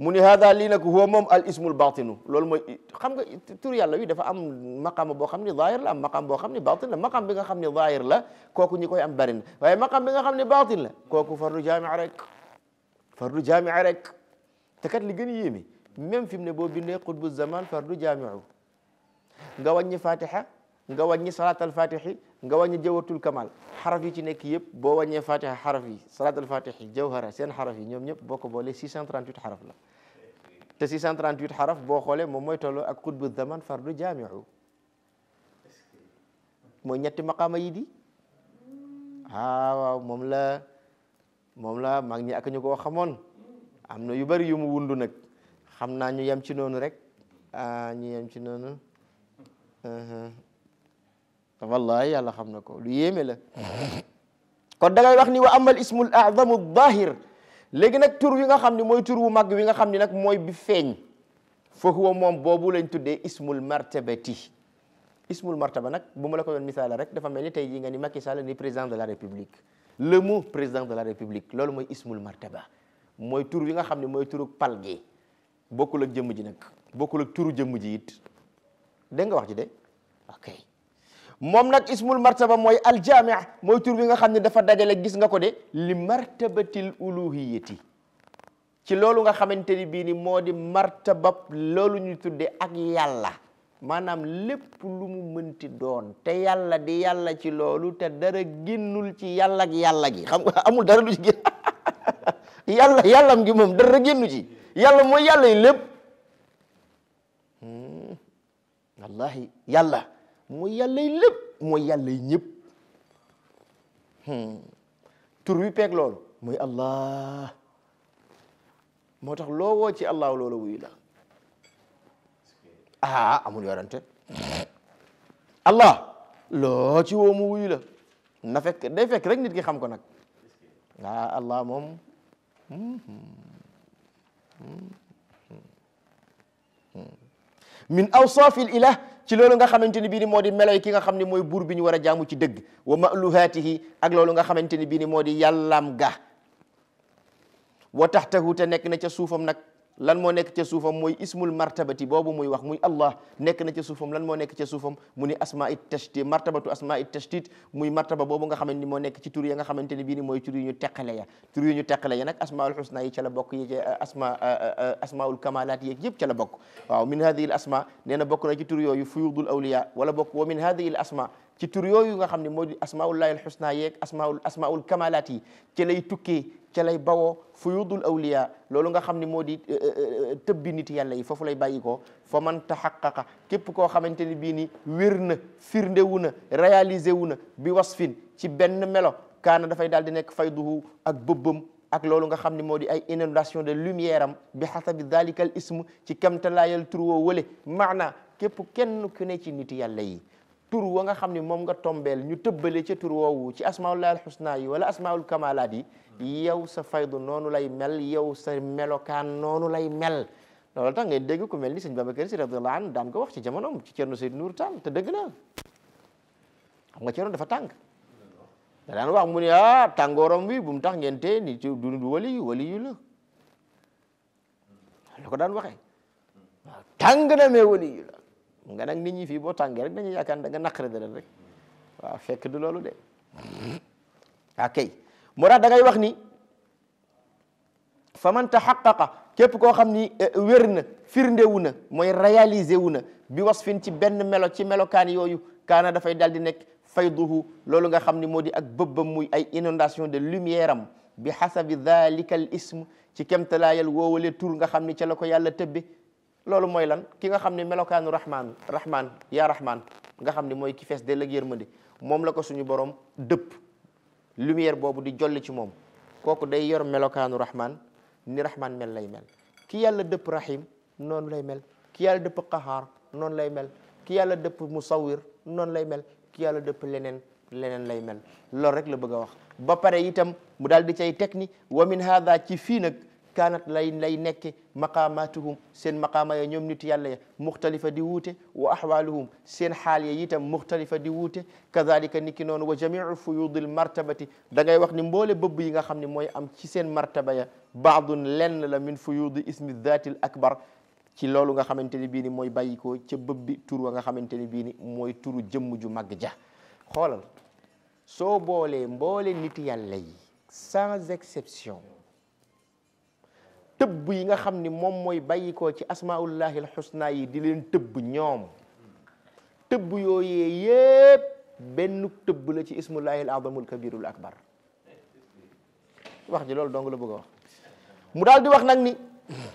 من هذا لينك هو مم الاسم الباطن لول موي خمغا تور يالا وي ام مقام بو خامني ظاهر لا مقام بو خامني باطن لا مقام بيغا خامني ظاهر لا كوكو نيكو ام بارين واي مقام بيغا خامني باطن لا كوكو فرد جامع رك فرد جامع رك تكات لي يمي ميم فيم نبو بو بيني قطب الزمان فرد جامع غا واني فاتحه غا صلاه الفاتحه nga wàññi jawatul kamal xaraf yi ci nek yeb bo wañe fatiha xaraf yi salat al fatih jawhara sen xaraf yi ñoom ñëpp boo ko 638 xaraf la te 638 xaraf bo xoolee mom moy tolo ak kutbu zaman fardu jami'u moy ñetti maqama yi di ah waaw mom la mom la mag ñi ak ñuko koo xamoon am yu bari yu mu wundu nak xamna ñu yam ci nonu rek ah ñu yam ci wallahi yàlla xam na ko lu yéeme la kon da ngay wax ni wa amal ismul azamu dahir léegi nag tur wi nga xam ni mooy tur wu mag wi nga xam ni nag mooy bi feeñ fa huwa moom boobu lañ tuddee ismul martabati ismul martaba nag bu ma la ko yoon misaala rek dafa mel ni tey jii nga ni Macky Sall ni président de la république le mot président de la république loolu mooy ismul martaba mooy tur wi nga xam ne mooy turu pal gi bokkul ak jëmm ji nag bokkul ak turu jëmm ji it dégg nga wax ji de mom nak ismul martaba al jami' moy tour bi nga xamni dafa dajale gis nga ko de li martabatil uluhiyati ci lolu nga xamanteni bi ni modi martaba martabab ñu tudde ak yalla manam lepp lu mu mënti doon te yalla di yalla ci lolu te dara ginnul ci yalla ak yalla gi xam nga amul dara lu ci (laughs) yalla yalla gi mom dara ginnu ci yalla moy yalla lepp hmm. wallahi mooy yàllay lépp mooy yàllay ñëpp hmm. tur wi peeg loolu mooy allah moo tax loo woo ci allah loola wuyu la ah amul yorante allah loo ci woo la na fekk day fekk rek nit ki xam ko nag ah allah moom hmm, hmm, min awsaafi l ci loolu nga xamante ni bii ni moo di meloy ki nga xam ne mooy buur bi ñu war a jaamu ci dëgg wa maluhaatihi ak loolu nga xamante ni bii ni moo di yàllaam ga wa taxtahu te nekk na ca suufam nag lan mo nek ci soufam moy ismul martabati bobu moy wax moy allah nek na ci soufam lan mo nek ci soufam muni ni asma martabatu asma tashtit moy martaba bobu nga xamanteni mo nek ci tour ya nga xamanteni bi ni moy tour yu ñu tekkale ya tour yu ñu tekkale ya nak asmaul husna yi ci la bok yi asma asmaul kamalat yi yëpp ci la bok waaw min hadhihi al asma neena bok na ci tour yoyu fuyudul awliya wala bok wa min hadhihi al asma ci tour yoyu nga xamni moy asma'ul lahi al xusna yeeg asmaul asmaul kamalat yi ci lay tukki ca lay bawoo fuyudul awliya loolu nga xam ne moo di tëbbi nit yàlla yi foofu lay bàyyi ko man taxaqaqa képp koo xamante ni ni wér na firnde bi wasfin ci benn melo kaana dafay daal di nekk fayduhu ak bëbbam ak loolu nga xam ne ay inondation de lumière am bi xasabi dalikal ism ci kamtalaayal tur woo wële maana képp kenn ku ne ci nit yàlla yi tur wa nga xam ne nga tombeel ñu tëbbale ca tur woowu ci asmaullahi alxusna yi wala asmaul kamalat yow sa faydu nonu lay mel yow sa melokan nonu lay mel lol tax ngay deg ko mel seigne babakar Babacar Si radiyallahu anhu daan ko wax ci jamonoom ci Cerno Seydou Nour Tall te deug na xam nga Cerno dafa tang da lan wax mu ne ah tàngooram wi bum tax ngente ni ci du wali wali yu la la ko dan waxe tang na me wali yu la ah, nga nak nit ñi fi bo tàngee rek dañu yakkan da nga naqare dara rek wa ah, fekk du lolou de akay (laughs) مراد دا غاي واخني فمن تحقق كيب كو خامني ويرنا فيرنديونا موي رياليزيونا بي وصف تي بن ميلو تي ملوكان يويو كان دا فاي دالدي نيك فيضه لولوغا خامني مودي اك ببم موي اي انونداسيون دو لوميرام بحسب ذلك الاسم تي كم تلايل وولي تور غا خامني تي لاكو يالا تبي لولو موي لان كيغا خامني ملوكان الرحمن الرحمن يا رحمن غا خامني موي كي فيس دي لا يرمدي موم لاكو سونو بوروم دب lumière boobu di jolli ci moom kooku day yor melokaanu rahman ni rahman mel lay mel ki yàlla dëpp rahim noonu lay mel ki yàlla dëpp qahaar noonu lay mel ki yàlla dëpp musawir noonu lay mel ki yàlla dëpp leneen leneen lay mel loolu rek la bëgg a wax ba pare mu daal di cay teg wa min hada ci fii كانت لاي لاي مقاماتهم سن مقاما يا نيوم نيت مختلفه دي واحوالهم سن حال ييتا مختلفه دي كذلك نيكي وجميع فيوض المرتبه داغي واخ ني مبول بوب ييغا خامني موي ام سي مرتبه يا بعض لن لا من فيوض اسم الذات الاكبر تي لولوغا خامنتيني بي ني موي بايكو تي بوب تورغا خامنتيني بي ني موي تورو جيمجو ماغ جا خولال سو بولي مبول نيت يالا sans exception tëbb yi nga xam ni moom mooy bàyyi ko ci asmaullahi alxusna yi di leen tëbb ñoom tëbb yooyee yépp benn tëbb la ci ismullahi alazamul kabirul akbar wax ji loolu dong la bëgg a wax mu daal di wax nag ni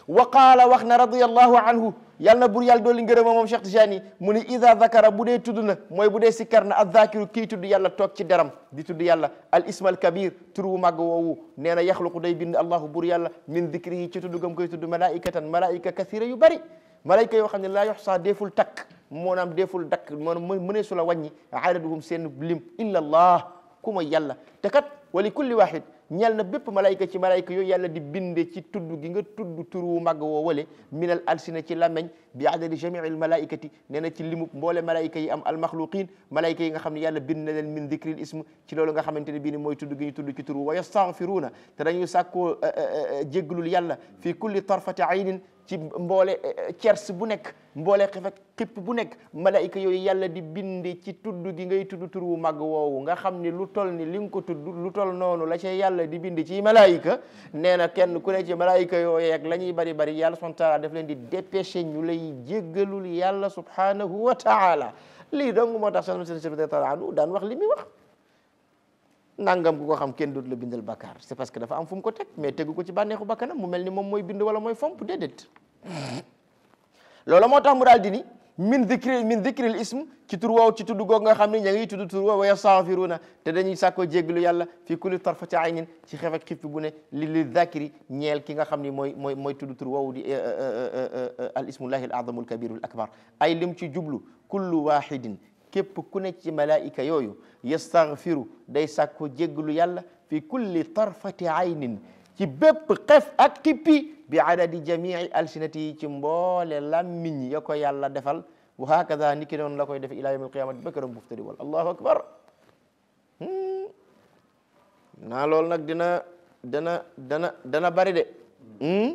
wa qaala wax na radiyallahu anhu yàlla na bur yàlla dooli ngërëma moom Cheikh Tijani mu ne ida zakara bu dee tudd na mooy bu dee sikkar na azakiru kii tudd yàlla toog ci deram di tudd yàlla al ismal kabir tur wu màgg woowu nee na yaxluqu day bind allahu bur yàlla min dikri yi ci tudd gam koy tudd malaikatan malaika kasira yu bari malaika yoo xam ne laa yoxsaa deeful takk moonaam deeful dakk moom mënee su la wàññi adaduhum seen lim illa allah ku mooy yàlla te kat wa li kulli wahid ñel na bépp malayka ci malayka yooyu yàlla di binde ci tudd gi nga tudd tur wu màgg woo wale minal alsina ci lameñ bi adadi jamiil malaikati nee na ci limub mboole malaayika yi am almaxluqin malaayika yi nga xam ne yàlla bind na leen min dikril ism ci loolu nga xamante ne bii ni mooy tudd gi ñu tudd ci turu wa yastaghfiruuna te dañuy sàkkoo jéggalul yàlla fii kulli tarfati aynin ci mboole cers bu nekk mboole xefe xipp bu nekk malaayika yooyu yàlla di bind ci tudd gi ngay tudd tur wu màgg woowu nga xam ni lu toll ni li nga ko tudd lu toll noonu la ca yàlla di bind ci malaayika nee na kenn ku ne ci malaayika yooyu ak la ñuy bari bari yàlla subhanahu wa taala daf leen di dépêché ñu lay aji jéggalul yàlla subhanahu wa taala lii dong moo tax seen seen seen taala anu daan wax li muy wax nangam ku ko xam kenn dootu la bindal bakkaar c'est parce que dafa am fu mu ko teg mais tegu ko ci bànneexu bakkanam mu mel ni moom mooy bind wala mooy fomp déedéet loola moo tax mu daal di من ذكر من ذكر الاسم كي تروا و تي تدغو غا خامي نيا تود تروا و يسافرون تي داني ساكو جيغلو يالا في كل طرفه عين تي خيف اك خيف بو ني للذاكر نيل كيغا خامي موي موي موي تود تروا دي الاسم الله الاعظم الكبير الاكبر اي لم تي جوبلو كل واحد كيب كو ني تي ملائكه يويو يستغفر داي ساكو جيغلو يالا في كل طرفه عين ci bépp xef ak xippi bi adadi jamii alsinati yi ci mboole làmmiñ ya ko yàlla defal wa hakada ni ki noonu la koy def ila yawm alqiyamati ba këram buftari wal allahu akbar hmm. naa loolu nag dina dana dana dana bari de hmm?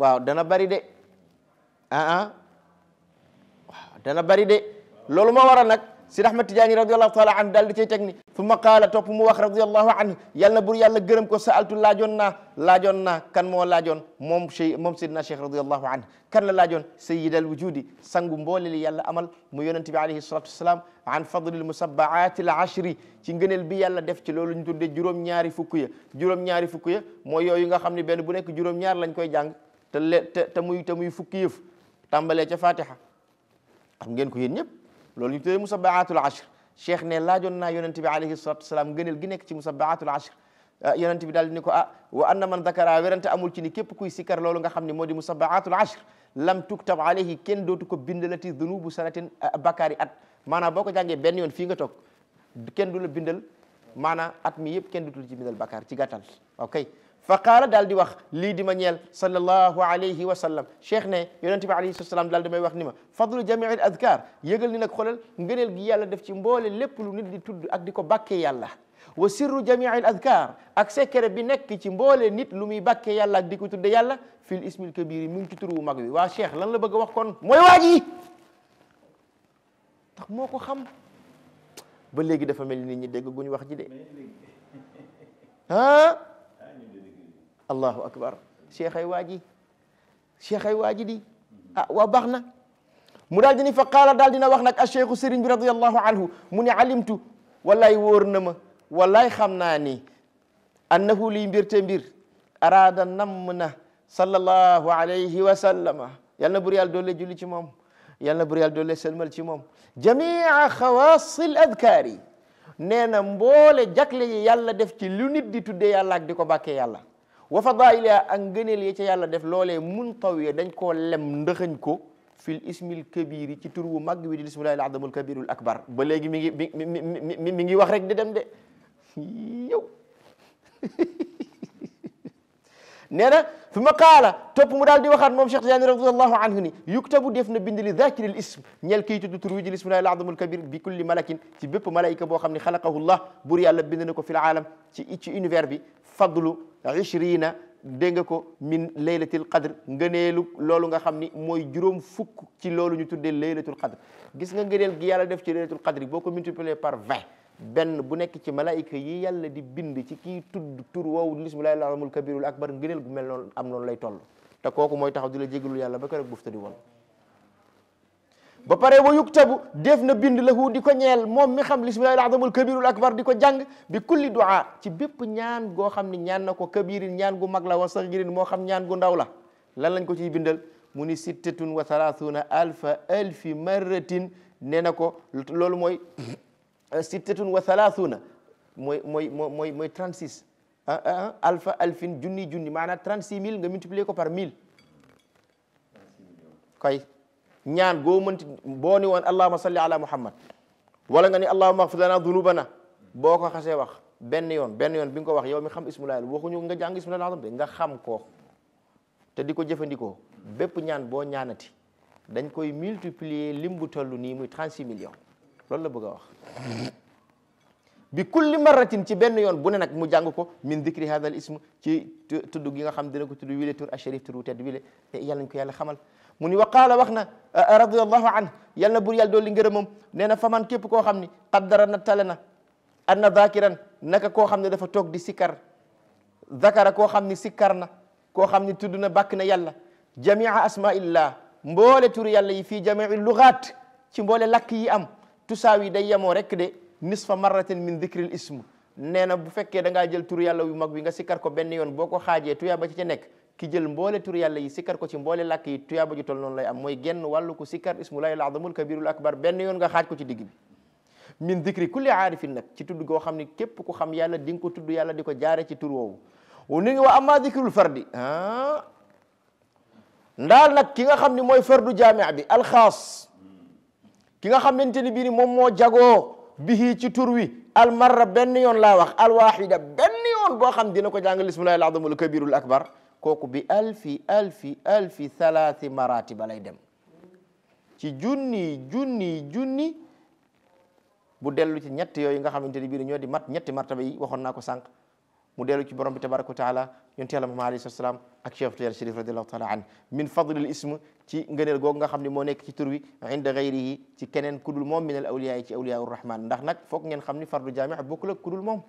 waaw dana bari de ah ah waaw dana bari de loolu moo waral nag Sidi Ahmed Tidiane radiallahu taala anhu daal di cay teg ni summa qaala topp mu wax radiallahu anhu yal yalla bur yàlla gërëm ko saaltu laajoon na laajoon na kan moo laajoon moom Cheikh moom Sidna Cheikh radiallahu anhu kan la laajoon sayyid al wujudi sangu mboole li yàlla amal mu yonente bi alayhi salatu wassalam an fadlil musabbaati al ashri ci ngëneel bi yàlla def ci loolu ñu tuddee juróom-ñaari fukk ya juróom-ñaari fukk ya mooy yooyu nga xam ni benn bu nekk juróom-ñaar lañ koy jàng te le te te muy te muy fukki yëf tàmbalee ca fatiha xam ngeen yéen ñëpp loolu ñu tuddee musabbaatul ashr cheikh ne laajoon naa yonent bi alayhi salatu wasalaam gëneel gi nekk ci musabbaatul ashr yonent bi daal di ni ko ah wa anna man dakara werante amul ci ni képp kuy sikkar loolu nga xam ne moo di musabbaatul ashr lam tuktab alayhi kenn dootu ko bindalati dunubu sanatin bakkaari at maanaam boo ko jàngee benn yoon fii nga toog kenn du la bindal maanaam at mi yëpp kenn dootul ci bindal bakkaar ci gàttal ok فقال دال دي واخ لي ديما نيل صلى الله عليه وسلم شيخ نه يونت بي عليه السلام دال دي واخ نيما فضل جميع الاذكار يغل ني نك خولل غنيل بي يالا داف سي مبول ليپ لو نيت دي تود اك ديكو باكي يالا وسر جميع الاذكار اك سيكر بي نك سي مبول نيت لومي باكي يالا ديكو تود يالا في الاسم الكبير من كترو ماغوي وا شيخ لان لا بغا واخ كون موي واجي تخ موكو خام با ليغي دا فا ملي نيت ني دغ غون واخ جي دي ها allahu akbar cheikh ay waa ji cheikh ay waa ji di ah waa baax na mu daal dini fa qaala daal dina wax nag a cheikhu sëriñ bi radiallahu anhu mu ne alimtu wallaay wóor na ma wallaay xam naa ni annahu liy mbir te mbir araada namm na sallallahu alayhi wa sallama yal na bur yàlla doole julli ci moom yal na bur yàlla doole selmal ci moom jamia xawaasil adkaar yi nee na mboole jagle yi yàlla def ci lu nit di tuddee yàlla ak di ko bàkkee yàlla وفضائلها أنجن اللي يتجي على دف لولا منطوي دن كلام دخن كو في الاسم الكبير كتروا مج بدي الاسم الله العظيم الكبير الأكبر بلقي مي مي مي مي مي وخرج ده نرى ثم قال توب مدال دي وخر مم شيخ زين رضي الله عنه يكتب دفن بند لذاكر الاسم نيل كي تترويج الاسم الله العظيم الكبير بكل ملك تبب ملائكه بو خمني خلقه الله بري الله بند في العالم تي اتش انفير بي fadlu ishrina dégg nga ko min laylatil qadr ngëneelu loolu nga xam ni mooy juróom fukk ci loolu ñu tuddee laylatul qadr gis nga ngëneel gi yàlla def ci laylatul qadr boo ko multiplier par vingt benn bu nekk ci malaayika yi yàlla di bind ci kii tudd tur woowu lismillahi l-azimul kabirul akbar ngëneel gu mel noonu am noonu lay toll te kooku mooy taxaw di la jégalul yàlla ba ko rek bufta di woon ba pare wa yuktabu def na bind la lahu di ko ñeel moom mi xam lismillahi al-azamul kabirul akbar di ko jàng bi kulli du'a ci bépp ñaan goo xam ne ñaan na ko kabirin ñaan gu mag la wa sagirin moo xam ñaan gu ndaw la lan lañ ko ciy bindal mu ni sittatun wa thalathuna alfa alfi marratin nee na ko loolu mooy (coughs) sittatun wa thalathuna mooy mooy mooy mooy 36 ah, ah, ah, alfa alfin junni junni maanaam 36 mille nga multiplier ko par 1000 ñaan goo mënti boo ni woon allahuma salli ala muhammad wala nga ni allahuma axfir lana dunubana boo ko xasee wax benn yoon benn yoon bi nga ko wax yow mi xam ismulaay waxuñu nga jàng ismulaay azam de nga xam ko te di ko jëfandikoo bépp ñaan boo ñaanati dañ koy multiplier lim bu toll nii muy 36 millions loolu la bëgg a wax bi kulli marratin ci benn yoon bu ne nag mu jàng ko min dikri hadal ism ci tudd gi nga xam dina ko tudd wile tur asharif tur wu yàlla xamal mu ni wa qaala wax na radiyallahu anhu yal na bur yàlla dool li ngërëmam nee faman képp koo xam ni qaddara anna zakiran naka koo xam dafa toog di sikar zakara koo xam ni sikkar na koo xam ni tudd na bàkk na yàlla jamia asmaillah mboole turi yàlla yi fii jamii lugaat ci mboole lakk yi am tusawi day yemoo rek de nisfa marratin min dikril ism nee na bu fekkee da ngaa jël turu yàlla yu mag wi nga sikkar ko benn yoon boo ko xaajee ba ci ca nekk ki jël mbolé tur yalla yi sikkar ko ci mbolé lak yi tuyaaba ju tol non lay am moy genn walu ku sikkar ismulahi al azamul kabirul akbar ben yon nga xaj ko ci digg bi min dhikri kulli aarifin nak ci tuddu go xamni kep ku xam yalla di ko tuddu yalla diko jaare ci tur wowo wu ni wa amma dhikrul fardi ha ndal nak ki nga xamni moy fardu jami' bi khas. ki nga xamanteni bi ni mom mo jago bihi ci tur wi almarra ben yon la wax wahida ben yon bo xam dina ko jangal ismulahi al azamul kabirul akbar koku bi alfi alfi alfi thalaati marati balay dem ci junni junni junni bu delu ci ñett yoy nga xamanteni bi ñoo di mat ñett martaba yi waxon nako sank mu delu ci borom bi tabaraka wa taala yonte yàlla moom alayhi salaam ak cheikh tayyib sharif radhiyallahu taala an min al ism ci ngeenel gog nga xamni mo nek ci tur wi inda ghayrihi ci kenen kudul mom min al awliya ci awliya rahman ndax nak fokk ngeen xamni fardu jami' bokkul ak kudul mom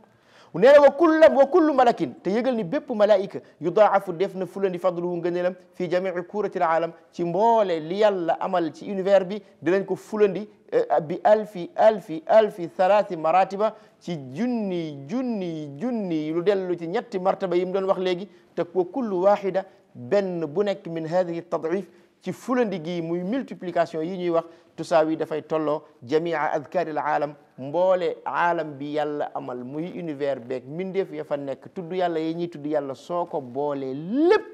ونرى وكل وكل ملك تيجل نبيب ملائكة يضاعف الدفن فلان فضله ونجلم في جميع كرة العالم تمول لي أمل في إنفيربي دلنك فلان دي أه، بألف ألف ألف ثلاث مراتب في جني جني جني يلدل مرتبة يمدون وخلقي تكو كل واحدة بن بنك من هذه التضعيف ci fulandi gi muy multiplication yi ñuy tusaawi dafay tolloo jamia adkaaril alam mboole alam bi yalla amal muy univers beeg mbindeef ya fa nekk tudd yàlla yi ñuy tudd yàlla soo ko boolee lépp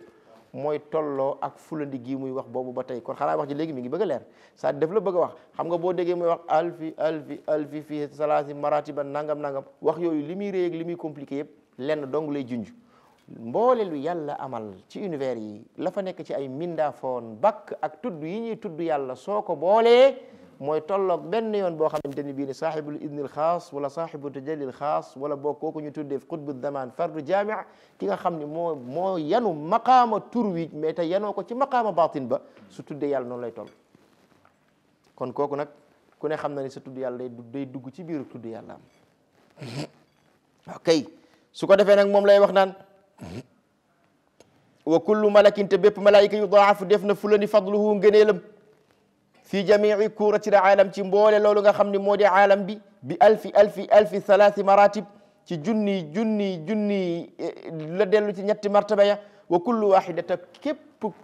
mooy tolloo ak fulandi gii muy wax boobu ba tey kon xanaa wax ji léegi mi ngi bëgg a leer sa def la bëgg wax xam nga boo déggee muy wax alfi alfi alfi fii salaasi maratiba nangam nangam wax yooyu li muy réy ak li muy compliqué yëpp lenn dong lay junj mboole lu yàlla amal ci univers yi la fa nekk ci ay mindaafoon bakk ak tudd yi ñuy tudd yàlla soo ko boolee mooy tolloog benn yoon boo xamante ni bii ni saahibul idnil xaas wala saahibu tajallil xaas wala boo kooku ñu tuddee xutbu zaman fardu jaamia ki nga xam ne moo moo yanu maqaama tur wi mais te yanoo ko ci maqaama batin ba su tuddee yàlla noonu lay toll kon kooku nag ku ne xam na ni sa tudd yàlla day dugg ci biiru tudd yàlla am (laughs) su ko defee nag moom وكل ملك تبيب ملائكة يضاعف دفن فلن فضله ونجنيلم في جميع كورة العالم تنبول لو لغا خمن مودي عالم بي بألف ألف ألف ثلاث مراتب تي جني جني جني لدلو تي نيت مرتبة وكل واحدة كيب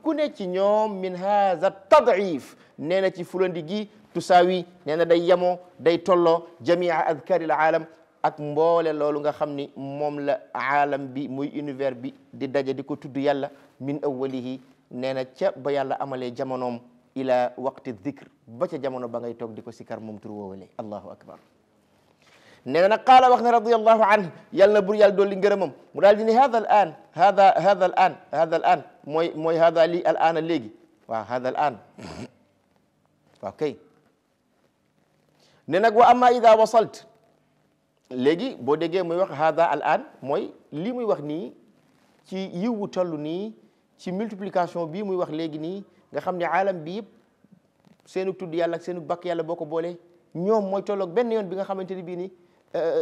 كوني تي نيوم من هذا التضعيف نينا تي فلن دي تساوي نينا دي يمو دي تولو جميع أذكار العالم ak mboole loolu nga xam ni moom la aalam bi muy univers bi di daje di ko tudd yàlla min awwalihi nee na ca ba yàlla amalee jamonoom ila waqti dhikr ba ca jamono ba ngay toog di ko sikar moom tur woowale allahu akbar nee قال nag رضي الله عنه radiallahu anhu yàlla na bur yàlla dolli هذا الان هذا هذا الان هذا الان an موي هذا لي an hada al an الان اوكي hada lii اما اذا وصلت an légui bo déggé muy wax hada al an moy li muy wax ni ci yiwu tollu ni ci multiplication bi muy wax légui ni nga xamni alam bi yëpp seenu tuddu yàlla ak seenu bak yàlla boko bolé ñom moy tollok ben yoon bi nga xamanteni bi ni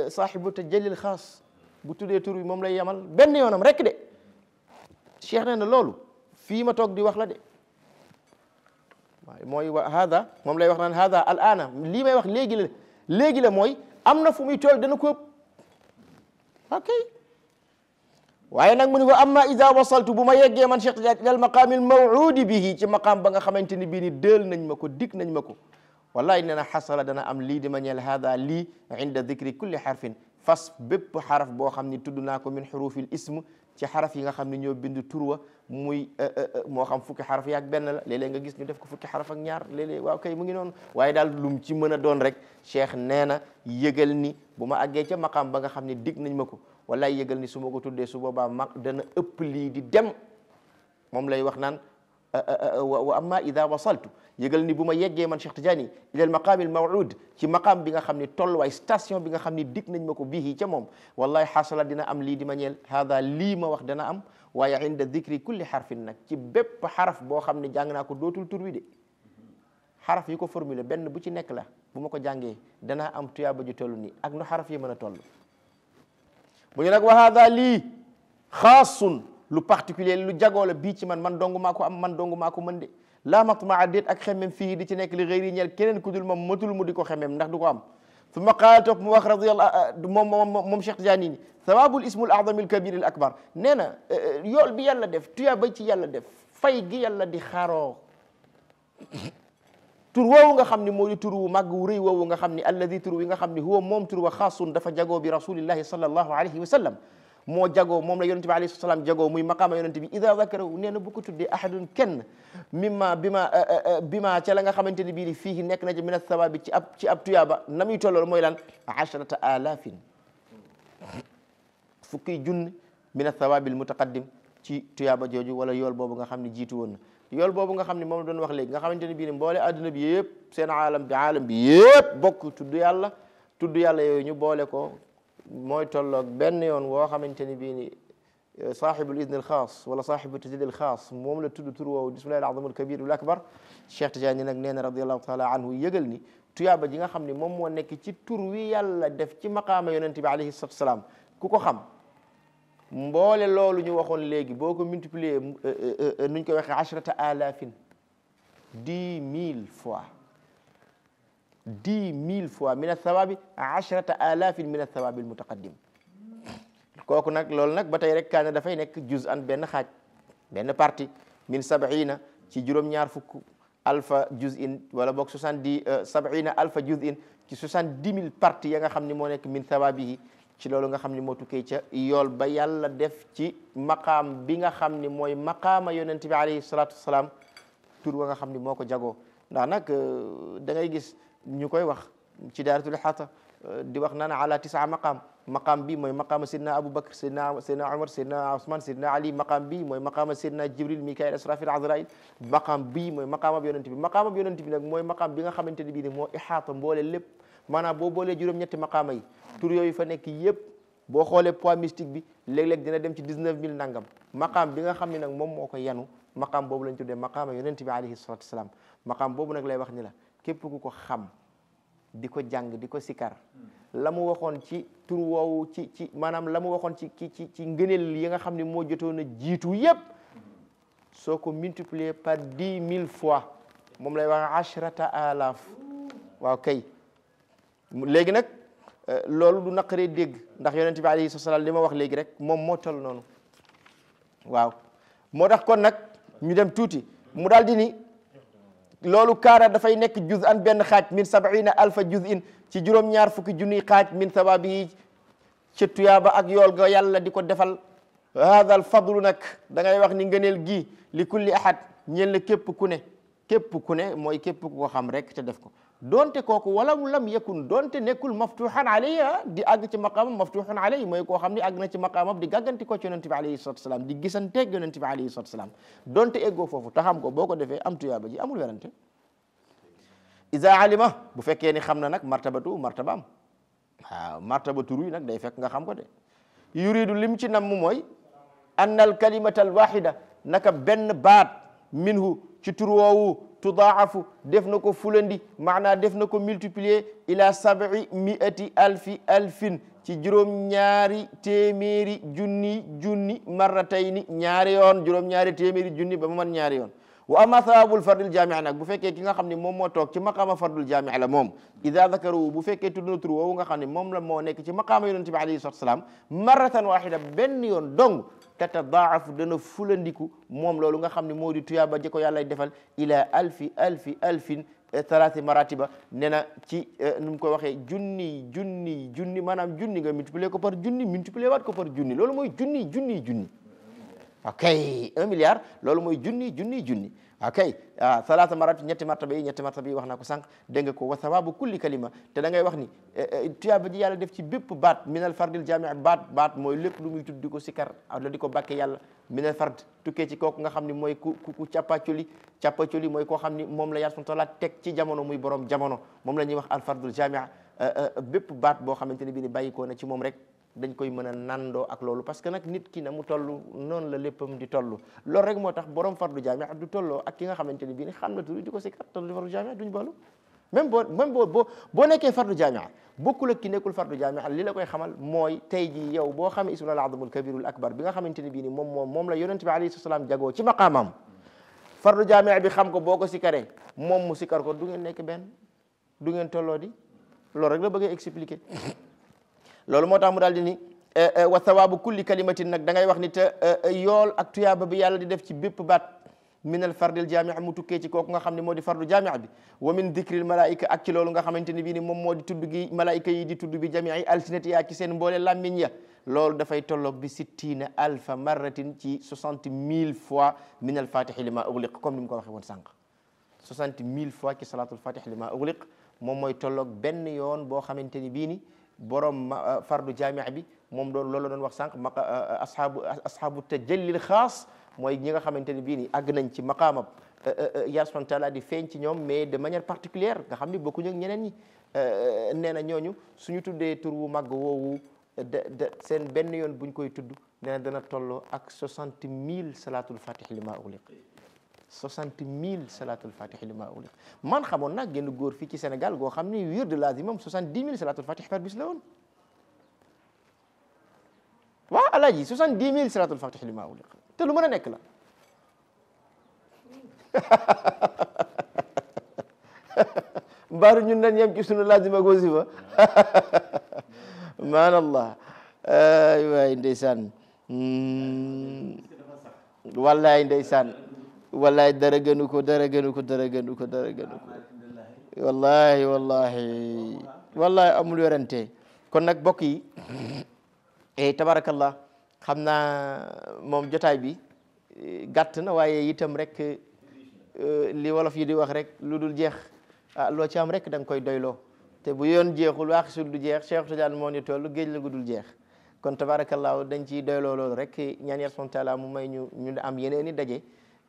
sahibu tajallil khas bu tuddé tur bi mom lay yamal ben yoonam rek de cheikh néna lolu fi ma tok di wax la de moy wa hada mom lay wax nan hada al ana li may wax légui la léegi la moy amna na fu muy toll dana ko ëpp ok waaye nag mu amma ida wasaltu buma yegge yeggee man Cheikh Tidiane maqam al maw'ud bihi ci maqam ba nga xamanteni bi ni dël nañ mako dik dig nañ ma wallahi nee hasala dana am li di ma hada li inda dhikri kulli harfin fas bépp harf bo xamni tuduna ko min huruf al ism ci xaraf yi nga xam ne ñoo bindu tur wa muy eh, eh, eh, moo xam fukki xaraf yaak benn la léeg nga gis ñu def ko fukki xaraf ak ñaar léeg waa waaw kay mu ngi noon waaye daal lum ci mën a doon rek cheikh nee na yëgal ni bu ma àggee ca maqaam ba nga xam ne dig nañ ma ko walaay yëgal ni suma ko tuddee su boobaa ma dana ëpp lii di dem moom lay wax naan واما ida wasaltu yëgal ni bu ma yeggee man Cheikh Tidiane ila al maqaam al mawud ci maqaam bi nga xam ni tolluwaay station bi nga xam ni dig nañ ma ko bihi ca moom wallahi xasala dina am lii di ma ñeel hada lii ma wax dana am waaye inda dicri kulli xarfin nag ci bépp xaraf boo xam ne jàng naa ko dootul tur wi de xaraf yi ko formulé benn bu ci nekk la bu ma ko jàngee danaa am tuyaaba ju toll nii ak nu xaraf yi mën a toll bu ñu nag wa hada lii xaasun lu particulier lu jagoo la bii ci man man dong maa ko am man dong maa ko mën de laa matmaa déet ak xemem fii di ci nekk li xëy ñeel keneen ku dul moom matul mu di ko xemem ndax du ko am su ma qaala mu wax radiyallahu moom moom moom Cheikh Tidiane ni sawaabul ismul azamil kabiril akbar nee na yool bi yàlla def tuya bay ci yàlla def fay gi yàlla di xaaroo tur woowu nga xam ni moo di tur wu màgg wu rëy woowu nga xam ni alladi tur wi nga xam ni huwa moom tur wa xaasun dafa jagoo bi rasulillahi sallallahu alayhi wa sallam moo jagoo moom la yonente bi alayhi salaam jagoo muy maqaama yonente bi ida zakarahu nee na bu ko tuddee ahadun kenn mimma bima eh, eh, eh, bima ca la nga xamante ni bii ni fii nekk na ci min sababi ci ab ci ab tuyaaba na muy tollool mooy lan asharata alafin fukki junni min sawabil mutaqaddim ci tuyaaba jooju wala yool boobu nga xam ne jiitu woon yool boobu nga xam ne moom la doon wax léegi nga xamante ne bii boole mboole adduna bi yëpp seen aalam bi aalam bi yëpp bokk tudd yàlla tudd yàlla yooyu ñu boole ko موي تولوك بن يون وو خامتيني بي صاحب الاذن الخاص ولا صاحب التجديد الخاص موم لا تود تور وو بسم الله العظيم الكبير والاكبر شيخ تجاني نك نين رضي الله تعالى عنه ييغلني تيابا جيغا خامني موم مو نيك تي تور وي يالا ديف تي مقام يونتي عليه الصلاه والسلام كوكو خام مبول لولو ني واخون ليغي بوكو مولتيبلي نونكو واخ 10000 10000 فوا dix mille fois min athawabi ashrata alafin min athawabi almutaqaddim kooku nag loolu nag ba tey rek kaane dafay nekk juz an benn xaaj benn partie min sab'ina ci juróom-ñaar fukk alfa juz in wala boog soixante-dix euh, sab'ina alfa juz in ci soixante-dix mille partie ya nga xam ni moo nekk min thawabihi ci loolu nga xam ni moo tukkee ca yool ba yàlla def ci maqaam bi nga xam ni mooy maqaama yonent bi alayhi salatu wasalaam tur nga xam ni moo ko jagoo ndax nag euh, ngay gis ñu koy wax ci daaratul xaata euh, di wax naan ala tisaa maqaam maqaam bi mooy maqaama sidna abou bakr sidna sidna omar sidna ousmane sidna ali maqaam bi mooy maqaama sidna jibril mikail asrafil azrail maqaam bi mooy maqaamab yonent bi maqaamab yonent bi nag mooy maqaam bi nga xamante ne bii ne moo ixaata boole lépp maanaam boo boolee juróom-ñetti maqaama yi yooyu fa nekk yépp boo xoolee poids mystique bi léeg dina dem ci mil nangam maqaam bi nga xam ne nag moom moo ko yanu maqaam boobu lañ tuddee maqaama yonent bi alayhi salatu wasalam maqaam boobu nag lay wax ni la képp ku ko xam di ko jàng di ko sikar la mu waxoon ci tur woowu ci ci maanaam la mu waxoon ci ci ci ci ngëneel yi nga xam ne moo jotoon a jiitu yépp soo ko multiplier par dix mille fois moom lay wax ashrata alaaf waaw kay léegi nag euh, loolu du naqaree dégg ndax yonent bi alayhi salaam li ma wax léegi rek moom moo tol noonu waaw moo tax kon nag ñu dem tuuti mu daal di lolu kara da fay nek juz an ben xaaj min 70 alf juz in ci jurom naar fukki juni xaaj min sababi ci tuyaba ak yol go yàlla diko defal hada al fadlu nag da ngay wax ni ngeenel gi li kulli ahad ñeel na képp ku ne képp ku ne moy képp ku ko xam rek te def ko donte kooku wala mu lam yakun donte nekkul maftuhan alayha di àgg ci maqaamam maftuhan alayhi mooy koo xam ne àgg na ci maqaamam di gàgganti ko ci yonente bi alayhi salatu salaam di gisanteeg yonente bi alayhi salatu salaam donte eggoo foofu taxam ko boo ko defee am tuyaaba ji amul werante iza alima bu fekkee ni xam na nag martabatu martabaam waaw martaba turuy nag day fekk nga xam ko de yuridu lim ci nam mu mooy annal kalimata al wahida naka benn baat minhu ci woowu tudaafu def na ko fulandi maanaa def na ko multiplier ila sabi miati alfi alfin ci juróom-ñaari téeméeri junni junni marratayni ñaari yoon juróom-ñaari téeméeri junni ba mu man ñaari yoon wa ama sawabul fardul jaamia nag bu fekkee ki nga xam ne moom moo toog ci maqaama fardul jaamia la moom ida zakaru bu fekkee tudd na tur woowu nga xam ne moom la moo nekk ci maqaama yonente bi alayhi salatu wasalaam marratan waxida benn yoon dong tatadaafu dana fulandiku moom loolu nga xam ne moo ba tuyaaba jëkko yàllay defal ila alfi alfi alfin eh, talaati maratiba ne na ci eh, nu mu koy waxee junni junni junni maanaam junni nga multiplier ko par junni multiplier waat ko par junni loolu mooy junni junni junni ok un loolu mooy junni junni junni akay ah salaata marat ñetti martaba yi ñetti martaba yi wax naa ko sànq dégg nga ko wa sawabu kulli kalima te da ngay wax ni eh, eh, tuyaaba ji yàlla def ci bépp baat minal fardil jamia baat baat mooy lépp lu muy tudd di ko sikar la di ko bàkke yàlla minal fard tukkee ci kooku nga xam ne mooy ku ku càppacoli càppacoli mooy koo xam ni moom la yàlla subhanahu wa teg ci jamono muy boroom jamono moom la ñuy wax al fardul jamia eh, bépp baat boo xamante ne bii ni bàyyikoo na ci moom rek dañ koy mën a nandoo ak loolu parce que nag nit ki na mu toll noonu la léppam di toll loolu rek moo tax borom fardu jaamia du tolloo ak ki nga xamante ni bii ni xam na turu di ko si kattan fardu jaamia duñ boolu même boo même boo boo boo nekkee fardu jaamia bokkul ki nekkul fardu jaamia li la koy xamal mooy tey ji yow boo xamee ismul azamul kabirul akbar bi nga xamante ni bii ni moom moom moom la yonente bi alayhi salaam jagoo ci maqaamam fardu jaamia bi xam ko boo ko sikaree moom mu sikar ko du ngeen nekk benn du ngeen tolloo di loolu rek la bëggee expliquer loolu moo tax mu daldi ni wa thawabu kulli kalimatin nak da ngay wax ni te yol ak tuyaba bi yàlla di def ci bépp bat min al fardil jami' mu tukke ci kooku nga xamni modi fardu jami' bi wa min dikril malaika ak ci loolu nga xamanteni bi ni mom modi tuddu gi malaika yi di tuddu bi jamia yi alsinati ya ci sen mboole làmmiñ ya da fay tolok bi sittina alfa marratin ci 60000 fois min al fatihi lima ughliq comme nim ko waxe won sank 60000 fois ci salatul fatih lima ugliq moom mooy tolloog benn yoon boo xamante ni bii ni borom euh, fardu jaamia bi moom doon loolu doon wax sànq maqa euh, euh, ashaabu ashaabu tajallil xaas mooy ñi nga xamante ne bii ni àgg nañ ci maqaamam yàlla subhanahu taala di ci ñoom mais de manière particulière nga xam ni bokkuñu ak ñeneen ñi nee na ñooñu suñu tuddee tur wu màgg woowu de de seen benn yoon buñ koy tudd nee na dana tolloo ak soixante mille salaatul fatih li ma uliq soixante mille salaatul fatih li maa ulik man xamoon nag génn góor fii ci Sénégal goo xam ni wird lazimam soixante dix mille salaatul fatih par bis la woon waaw alaaji soixante dix mille salaatul fatih li maa ulik te lu mën a nekk la (laughs) mbaaru ñun dañ yem ci sunu lazima goosi (laughs) fa maan allah waay ndeysaan hmm. wallaay ndeysaan wallahi dara gënu ko dara gënu ko dara gënu ko dara gënu ko wallahi wallahi wallahi amul werante kon nag mbokk yi e tabarakallah xam naa moom jotaay bi eh, gàtt na waaye itam rek eh, li wolof yi di wax rek lu dul jeex ah loo ci am rek da koy doyloo te bu yoon jeexul waaxisul du jeex Cheikh Tidiane moo ni toll géej la gu dul jeex kon tabarakallah dañ ciy doyloo rek ñaan yàlla subhanahu mu may ñu ñu am yeneen i daje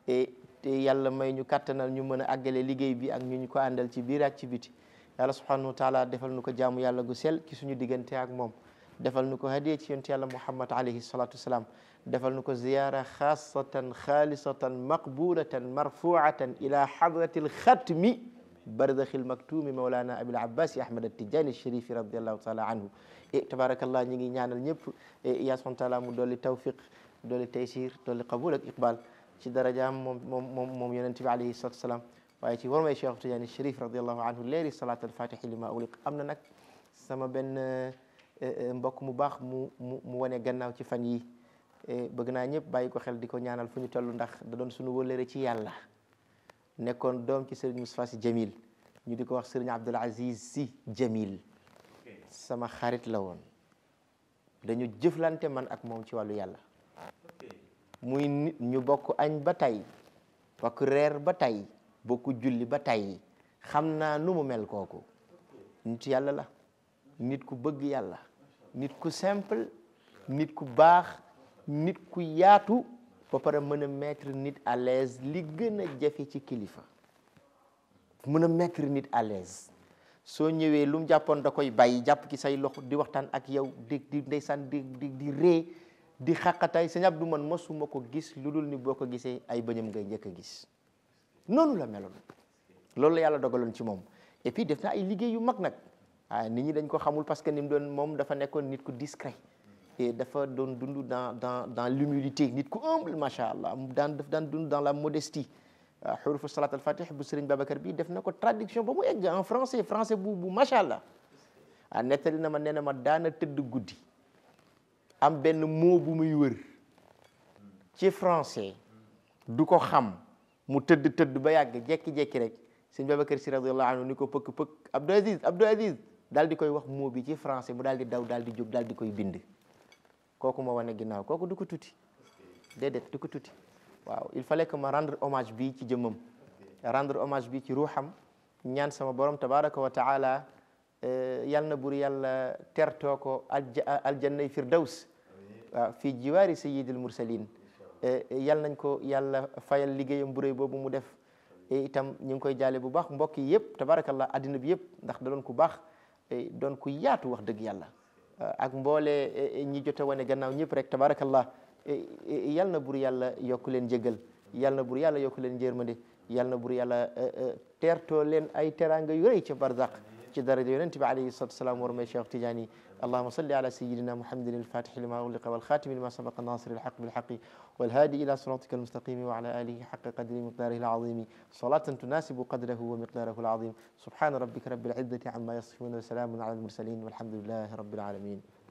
et te yàlla may ñu kattanal ñu mën a àggale liggéey bi ak ñu ñu ko àndal ci biir ak ci biti yàlla subhanahu wa taala defal nu jaamu yàlla gu sel ci suñu diggante ak moom defal nu hadiya ci yonent yàlla muhammad alayhi salatu wasalaam defal nu ziyara xaasatan xaalisatan maqbulatan marfuatan ila hadrati alxatmi barzaxi almaktumi mawlana abil abbasi ahmad attijani sharifi radiallahu taala anhu e tabarakallah ñi ngi ñaanal ñëpp e yaa subhanahu wa taala mu doli tawfiq doli taysir doli qabul ak iqbal ci darajaam moom moom moom moom yonent bi alayhi salatu wasalaam waaye ci warmay Cheikh Tidiane Chérif radiallahu anhu léeri salaat alfatihi li ma uliq am na nag sama benn e, e, mbokk mu baax mu mu mu wane gannaaw ci fan yi e, bëgg naa ñëpp bàyyi ko xel di ko ñaanal fu ñu toll ndax da doon suñu wëlëre ci yàlla nekkoon doom ci sëriñ Moustapha Sy Jamil ñu di ko wax sëriñ Abdoul Aziz Sy Jamil sama xarit la woon dañu jëflante man ak moom ci wàllu yàlla muy ñu bokk añ ba tey bokk reer ba tey bokk julli ba tey xam naa nu mu mel kooku nit yàlla la nit ku bëgg yàlla nit ku simple nit ku baax nit ku yaatu ba pare mën a mettre nit à l'aise li gën ci kilifa mën a mettre nit à soo ñëwee lum mu jàppoon da koy bàyyi jàpp ki say loxo di waxtaan ak yow di ndeysaan di ree di xaqatay señ abdou man masuma ko gis lulul ni boko gisee ay bañam ngay ñëk gis nonu la melon lolou yalla dogalon ci mom et puis defna ay liggéey yu mag nak ah nit ñi dañ ko xamul parce que nim doon mom dafa nekkon nit ku discret et dafa doon dundu dans dans dans l'humilité nit ku humble ma Allah dan daf dan dundu dans la modestie huruf ah, salat al-fatih bu serigne babakar bi def nako traduction ba mu egg en français français bu bu ma Allah ah netali na ma neena ma daana teud goudi am ben mot bu muy wër ci français du ko xam mu teud teud ba yag jekki jekki-jekki rek seigne Babacar sir radhiyallahu anhu niko ko pëkk Abdou Aziz Abdou Aziz dal di koy wax mot bi ci français mu dal di daw dal di jóg dal di koy bind koku ma wone ginnaw koku du ko tuti dedet du ko tuti waaw il fallait que ma rendre hommage bi ci jëmmam rendre hommage bi ci ruham ñaan sama borom tabaraka wa taala yal na bur yàlla tertoo ko alja waaw fii jiwaari sayyidil mursalin eh, eh, yal nañ ko yàlla fayal liggéeyam bu boobu mu def eh, itam ñu ngi koy jaale bu baax mbokk yi yëpp tabarakallah addina bi yëpp ndax daloon doon ku baax doon ku yaatu wax dëgg yàlla ak mboole ñi jot a wane gannaaw ñëpp rek tabarakallah yal na bur yàlla yokku leen jéggal yal na bur yàlla yokku leen njërmande yal na bur yàlla teertoo leen ay teraanga yu rëy ca ci daraja yonente bi alayhi salatu wasalaam war may Cheikh Tidiane اللهم صل على سيدنا محمد الفاتح لما أغلق والخاتم لما سبق الناصر الحق بالحق والهادي إلى صراطك المستقيم وعلى آله حق قدر مقداره العظيم صلاة تناسب قدره ومقداره العظيم سبحان ربك رب العزة عما يصفون وسلام على المرسلين والحمد لله رب العالمين